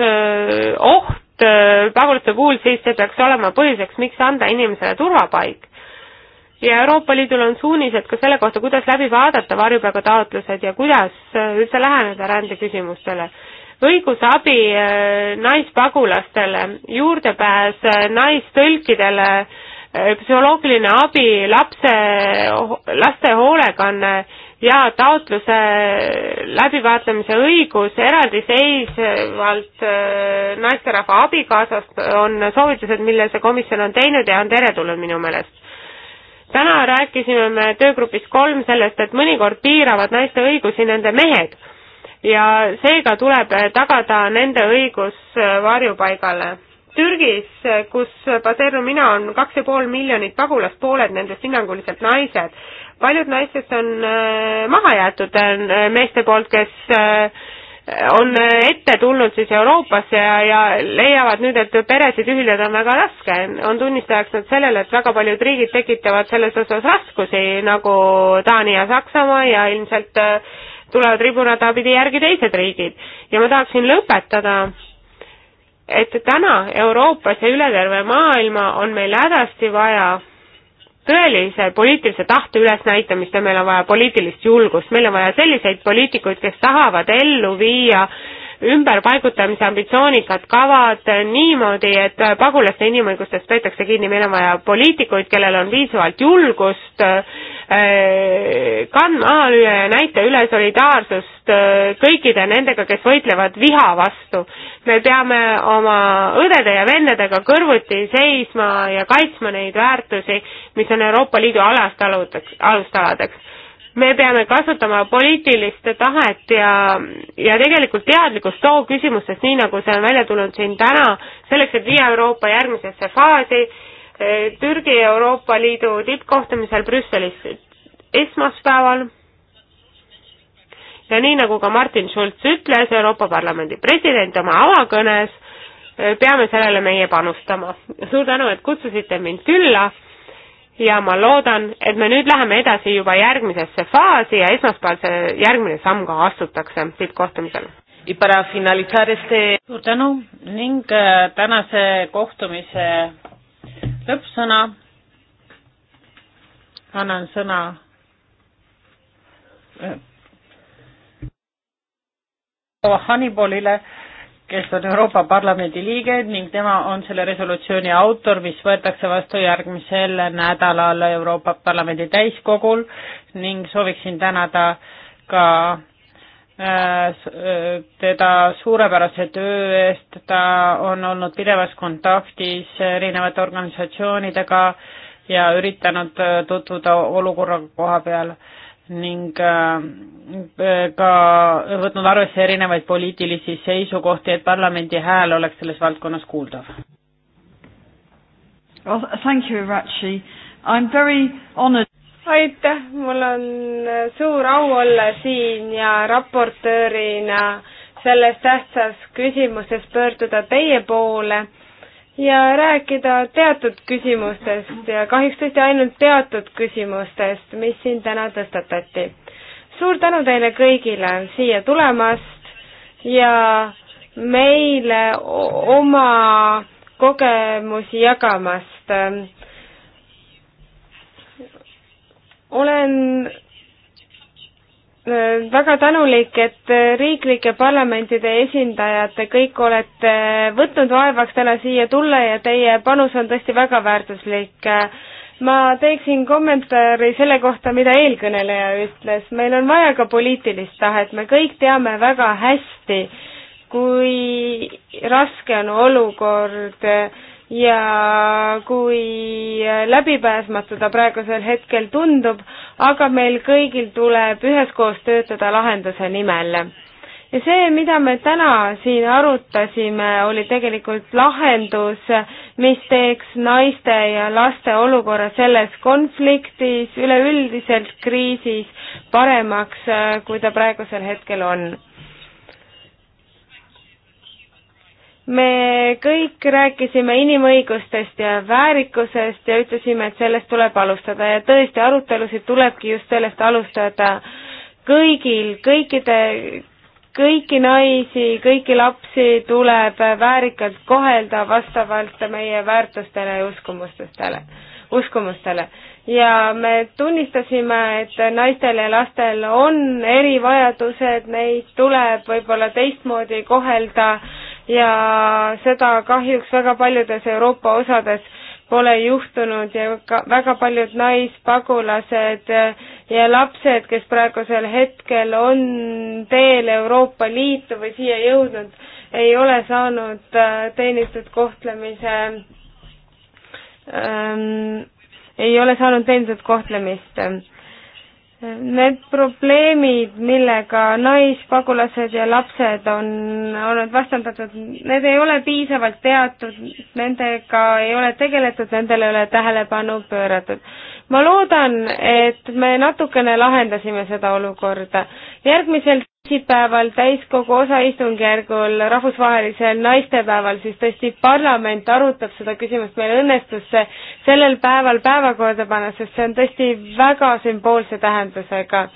oht, pagulaste puhul, siis see peaks olema põhjuseks, miks anda inimesele turvapaik ja Euroopa Liidul on suunised ka selle kohta, kuidas läbi vaadata varjupaigataotlused ja kuidas äh, üldse läheneda rändeküsimustele. õigusabi äh, naispagulastele, juurdepääs äh, naistõlkidele, psühholoogiline abi, lapse, laste hoolekanne ja taotluse läbivaatlemise õigus eraldiseisvalt naisterahva abikaasast on soovitused, mille see komisjon on teinud ja on teretulnud minu meelest täna rääkisime me töögrupis kolm sellest, et mõnikord piiravad naiste õigusi nende mehed ja seega tuleb tagada nende õigus varjupaigale. Türgis, kus baseerun mina, on kaks ja pool miljonit pagulast, pooled nendest hinnanguliselt naised. paljud naistest on äh, maha jäetud äh, meeste poolt, kes äh, on ette tulnud siis Euroopasse ja, ja leiavad nüüd, et peresid ühildada on väga raske. on tunnistajaks nad sellele, et väga paljud riigid tekitavad selles osas raskusi, nagu Taani ja Saksamaa ja ilmselt äh, tulevad riburada pidi järgi teised riigid. ja ma tahaksin lõpetada, et täna Euroopas ja üle terve maailma on meil hädasti vaja tõelise poliitilise tahte ülesnäitamist ja meil on vaja poliitilist julgust, meil on vaja selliseid poliitikuid, kes tahavad ellu viia ümberpaigutamise ambitsioonikat kavad niimoodi, et pagulaste inimõigustest peetakse kinni, meil on vaja poliitikuid, kellel on piisavalt julgust äh, kandma ja näita üle solidaarsust äh, kõikide nendega, kes võitlevad viha vastu me peame oma õdede ja vendadega kõrvuti seisma ja kaitsma neid väärtusi, mis on Euroopa Liidu alastaludeks, alustaladeks. me peame kasutama poliitilist tahet ja, ja tegelikult teadlikkust too küsimustest, nii nagu see on välja tulnud siin täna, selleks, et viia Euroopa järgmisesse faasi, Türgi Euroopa Liidu tippkohtumisel Brüsselis esmaspäeval ja nii nagu ka Martin Schulz ütles, Euroopa Parlamendi president oma avakõnes, eh, peame sellele meie panustama. suur tänu, et kutsusite mind külla ja ma loodan, et me nüüd läheme edasi juba järgmisesse faasi ja esmaspäeval see järgmine samm ka astutakse tippkohtumisel. Este... suur tänu ning äh, tänase kohtumise lõppsõna annan sõna äh, Hannibalile, kes on Euroopa Parlamendi liige ning tema on selle resolutsiooni autor, mis võetakse vastu järgmisel nädalal Euroopa Parlamendi täiskogul ning sooviksin tänada ka äh, äh, teda suurepärase töö eest, ta on olnud pidevas kontaktis erinevate organisatsioonidega ja üritanud äh, tutvuda olukorraga koha peal ning äh, äh, ka võtnud arvesse erinevaid poliitilisi seisukohti, et parlamendi hääl oleks selles valdkonnas kuuldav. Well, thank you, Ratchi. I'm very honored aitäh, mul on äh, suur au olla siin ja raportöörina selles tähtsas küsimuses pöörduda teie poole ja rääkida teatud küsimustest ja kahjuks tõesti ainult teatud küsimustest, mis siin täna tõstatati. suur tänu teile kõigile siia tulemast ja meile oma kogemusi jagamast. olen Äh, väga tänulik, et äh, riiklike parlamentide esindajad, te kõik olete võtnud vaevaks täna siia tulla ja teie panus on tõesti väga väärtuslik. ma teeksin kommentaari selle kohta, mida eelkõneleja ütles, meil on vaja ka poliitilist tahet, me kõik teame väga hästi, kui raske on olukord äh, ja kui läbipääsmatu ta praegusel hetkel tundub, aga meil kõigil tuleb üheskoos töötada lahenduse nimel. ja see, mida me täna siin arutasime, oli tegelikult lahendus, mis teeks naiste ja laste olukorra selles konfliktis, üleüldiselt kriisis paremaks, kui ta praegusel hetkel on me kõik rääkisime inimõigustest ja väärikusest ja ütlesime, et sellest tuleb alustada ja tõesti, arutelusid tulebki just sellest alustada kõigil, kõikide, kõiki naisi, kõiki lapsi tuleb väärikalt kohelda vastavalt meie väärtustele ja uskumustele, uskumustele. ja me tunnistasime, et naistel ja lastel on erivajadused, neid tuleb võib-olla teistmoodi kohelda äh, ja seda kahjuks väga paljudes Euroopa osades pole juhtunud ja ka väga paljud naispagulased ja lapsed, kes praegusel hetkel on teel Euroopa Liitu või siia jõudnud, ei ole saanud äh, teenitud kohtlemise ähm, ei ole saanud teenitud kohtlemist Need probleemid, millega naispagulased ja lapsed on olnud vastandatud, need ei ole piisavalt teatud, nendega ei ole tegeletud, nendele ei ole tähelepanu pööratud. ma loodan, et me natukene lahendasime seda olukorda. järgmisel teisipäeval täiskogu osaistungjärgul, rahvusvahelisel naistepäeval, siis tõesti parlament arutab seda küsimust, meil õnnestus see sellel päeval päevakorda panna, sest see on tõesti väga sümboolse tähendusega.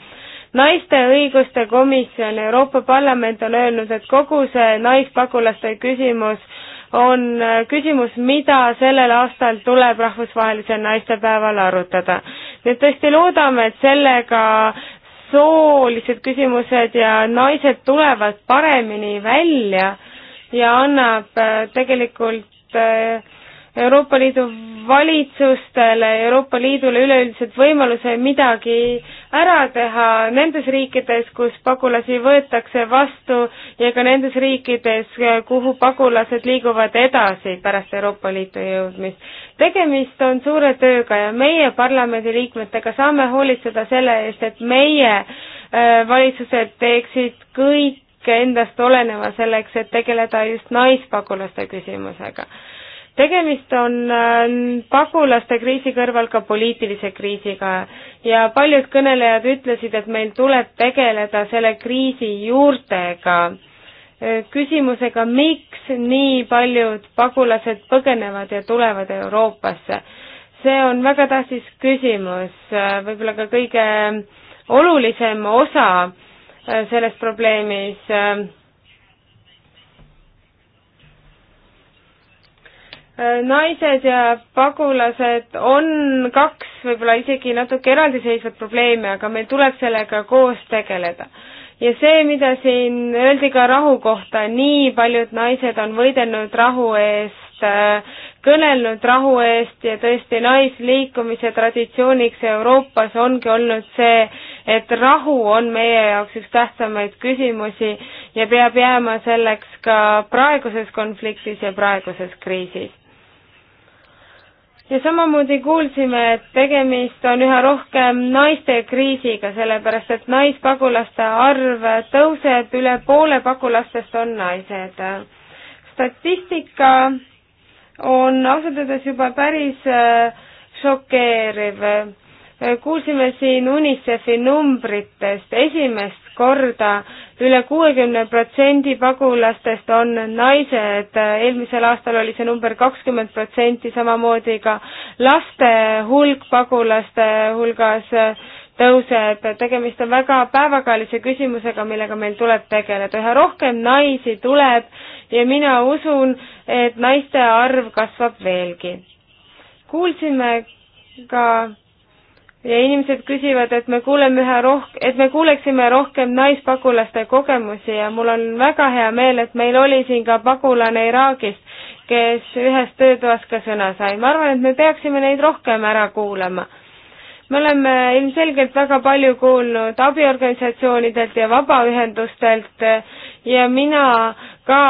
naiste õiguste komisjon, Euroopa Parlament on öelnud, et kogu see naispagulaste küsimus on küsimus, mida sellel aastal tuleb rahvusvahelisel naistepäeval arutada. nii et tõesti loodame, et sellega soolised küsimused ja naised tulevad paremini välja ja annab äh, tegelikult äh, Euroopa Liidu valitsustele, Euroopa Liidule üleüldiselt võimaluse midagi ära teha nendes riikides, kus pagulasi võetakse vastu ja ka nendes riikides, kuhu pagulased liiguvad edasi pärast Euroopa Liitu jõudmist. tegemist on suure tööga ja meie parlamendiliikmetega saame hoolitseda selle eest, et meie äh, valitsused teeksid kõik endast oleneva selleks, et tegeleda just naispagulaste küsimusega tegemist on äh, pagulaste kriisi kõrval ka poliitilise kriisiga ja paljud kõnelejad ütlesid, et meil tuleb tegeleda selle kriisi juurtega, äh, küsimusega, miks nii paljud pagulased põgenevad ja tulevad Euroopasse. see on väga tähtis küsimus, äh, võib-olla ka kõige olulisem osa selles probleemis naised ja pagulased on kaks võib-olla isegi natuke eraldiseisvat probleemi, aga meil tuleb sellega koos tegeleda. ja see, mida siin öeldi ka rahu kohta, nii paljud naised on võidelnud rahu eest, kõnelnud rahu eest ja tõesti naisliikumise traditsiooniks Euroopas ongi olnud see, et rahu on meie jaoks üks tähtsamaid küsimusi ja peab jääma selleks ka praeguses konfliktis ja praeguses kriisis ja samamoodi kuulsime, et tegemist on üha rohkem naiste kriisiga, sellepärast et naispagulaste arv tõuseb, üle poole pagulastest on naised. statistika on ausalt öeldes juba päris äh, šokeeriv. kuulsime siin UNICEF-i numbritest esimest korda üle kuuekümne protsendi pagulastest on naised, eelmisel aastal oli see number kakskümmend protsenti, samamoodi ka laste hulk pagulaste hulgas tõuseb, tegemist on väga päevakajalise küsimusega, millega meil tuleb tegeleda, üha rohkem naisi tuleb ja mina usun, et naiste arv kasvab veelgi. kuulsime ka ja inimesed küsivad, et me kuuleme üha rohkem, et me kuuleksime rohkem naispagulaste kogemusi ja mul on väga hea meel, et meil oli siin ka pagulane Iraagist, kes ühes töötoas ka sõna sai. ma arvan, et me peaksime neid rohkem ära kuulama. me oleme ilmselgelt väga palju kuulnud abiorganisatsioonidelt ja vabaühendustelt ja mina ka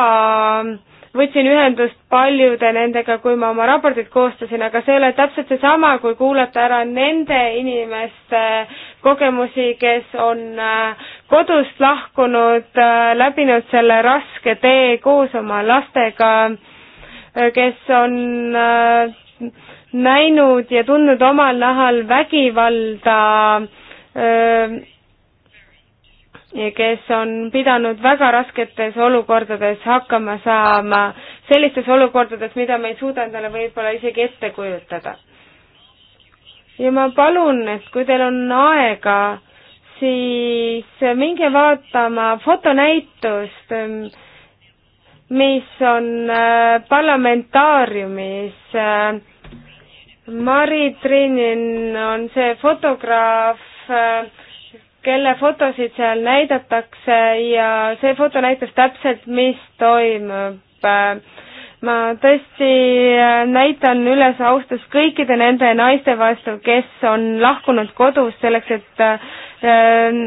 äh, võtsin ühendust paljude nendega, kui ma oma raportit koostasin, aga see ei ole täpselt seesama, kui kuulata ära nende inimeste kogemusi, kes on äh, kodust lahkunud, äh, läbinud selle raske tee koos oma lastega, äh, kes on näinud ja tundnud omal nahal vägivalda kes on pidanud väga rasketes olukordades hakkama saama, sellistes olukordades, mida me ei suuda endale võib-olla isegi ette kujutada. ja ma palun, et kui teil on aega, siis minge vaatama fotonäitust, mis on äh, parlamentaariumis. Äh, Mari Trinin on see fotograaf, äh, kelle fotosid seal näidatakse ja see foto näitas täpselt, mis toimub. ma tõesti äh, näitan üles austust kõikide nende naiste vastu, kes on lahkunud kodust selleks, et äh,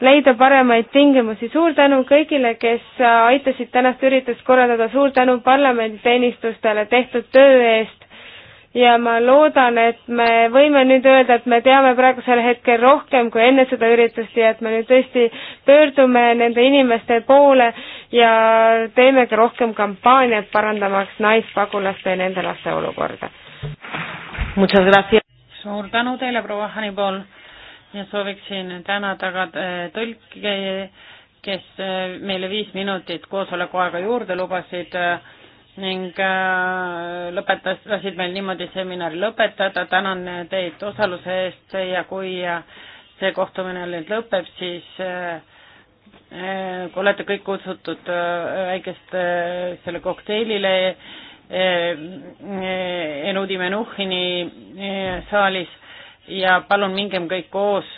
leida paremaid tingimusi. suur tänu kõigile, kes aitasid tänast üritust korraldada, suur tänu parlamenditeenistustele tehtud töö eest ja ma loodan, et me võime nüüd öelda, et me teame praegusel hetkel rohkem kui enne seda üritust ja et me nüüd tõesti pöördume nende inimeste poole ja teeme ka rohkem kampaaniat, parandamaks naispagulaste ja nende laste olukorda. suur tänu teile, proua Hannibal ja sooviksin tänada ka äh, tõlke, kes äh, meile viis minutit koosoleku aega juurde lubasid äh, ning äh, lõpetas, lasid meil niimoodi seminari lõpetada, tänan teid osaluse eest ja kui äh, see kohtumine nüüd lõpeb, siis kui äh, olete kõik kutsutud väikestele kokteilile Enudi Menuhini saalis ja palun mingem kõik koos,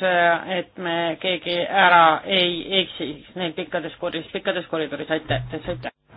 et me keegi ära ei eksiks neil pikkades koridorides, pikkades koridorides, aitäh, aitäh!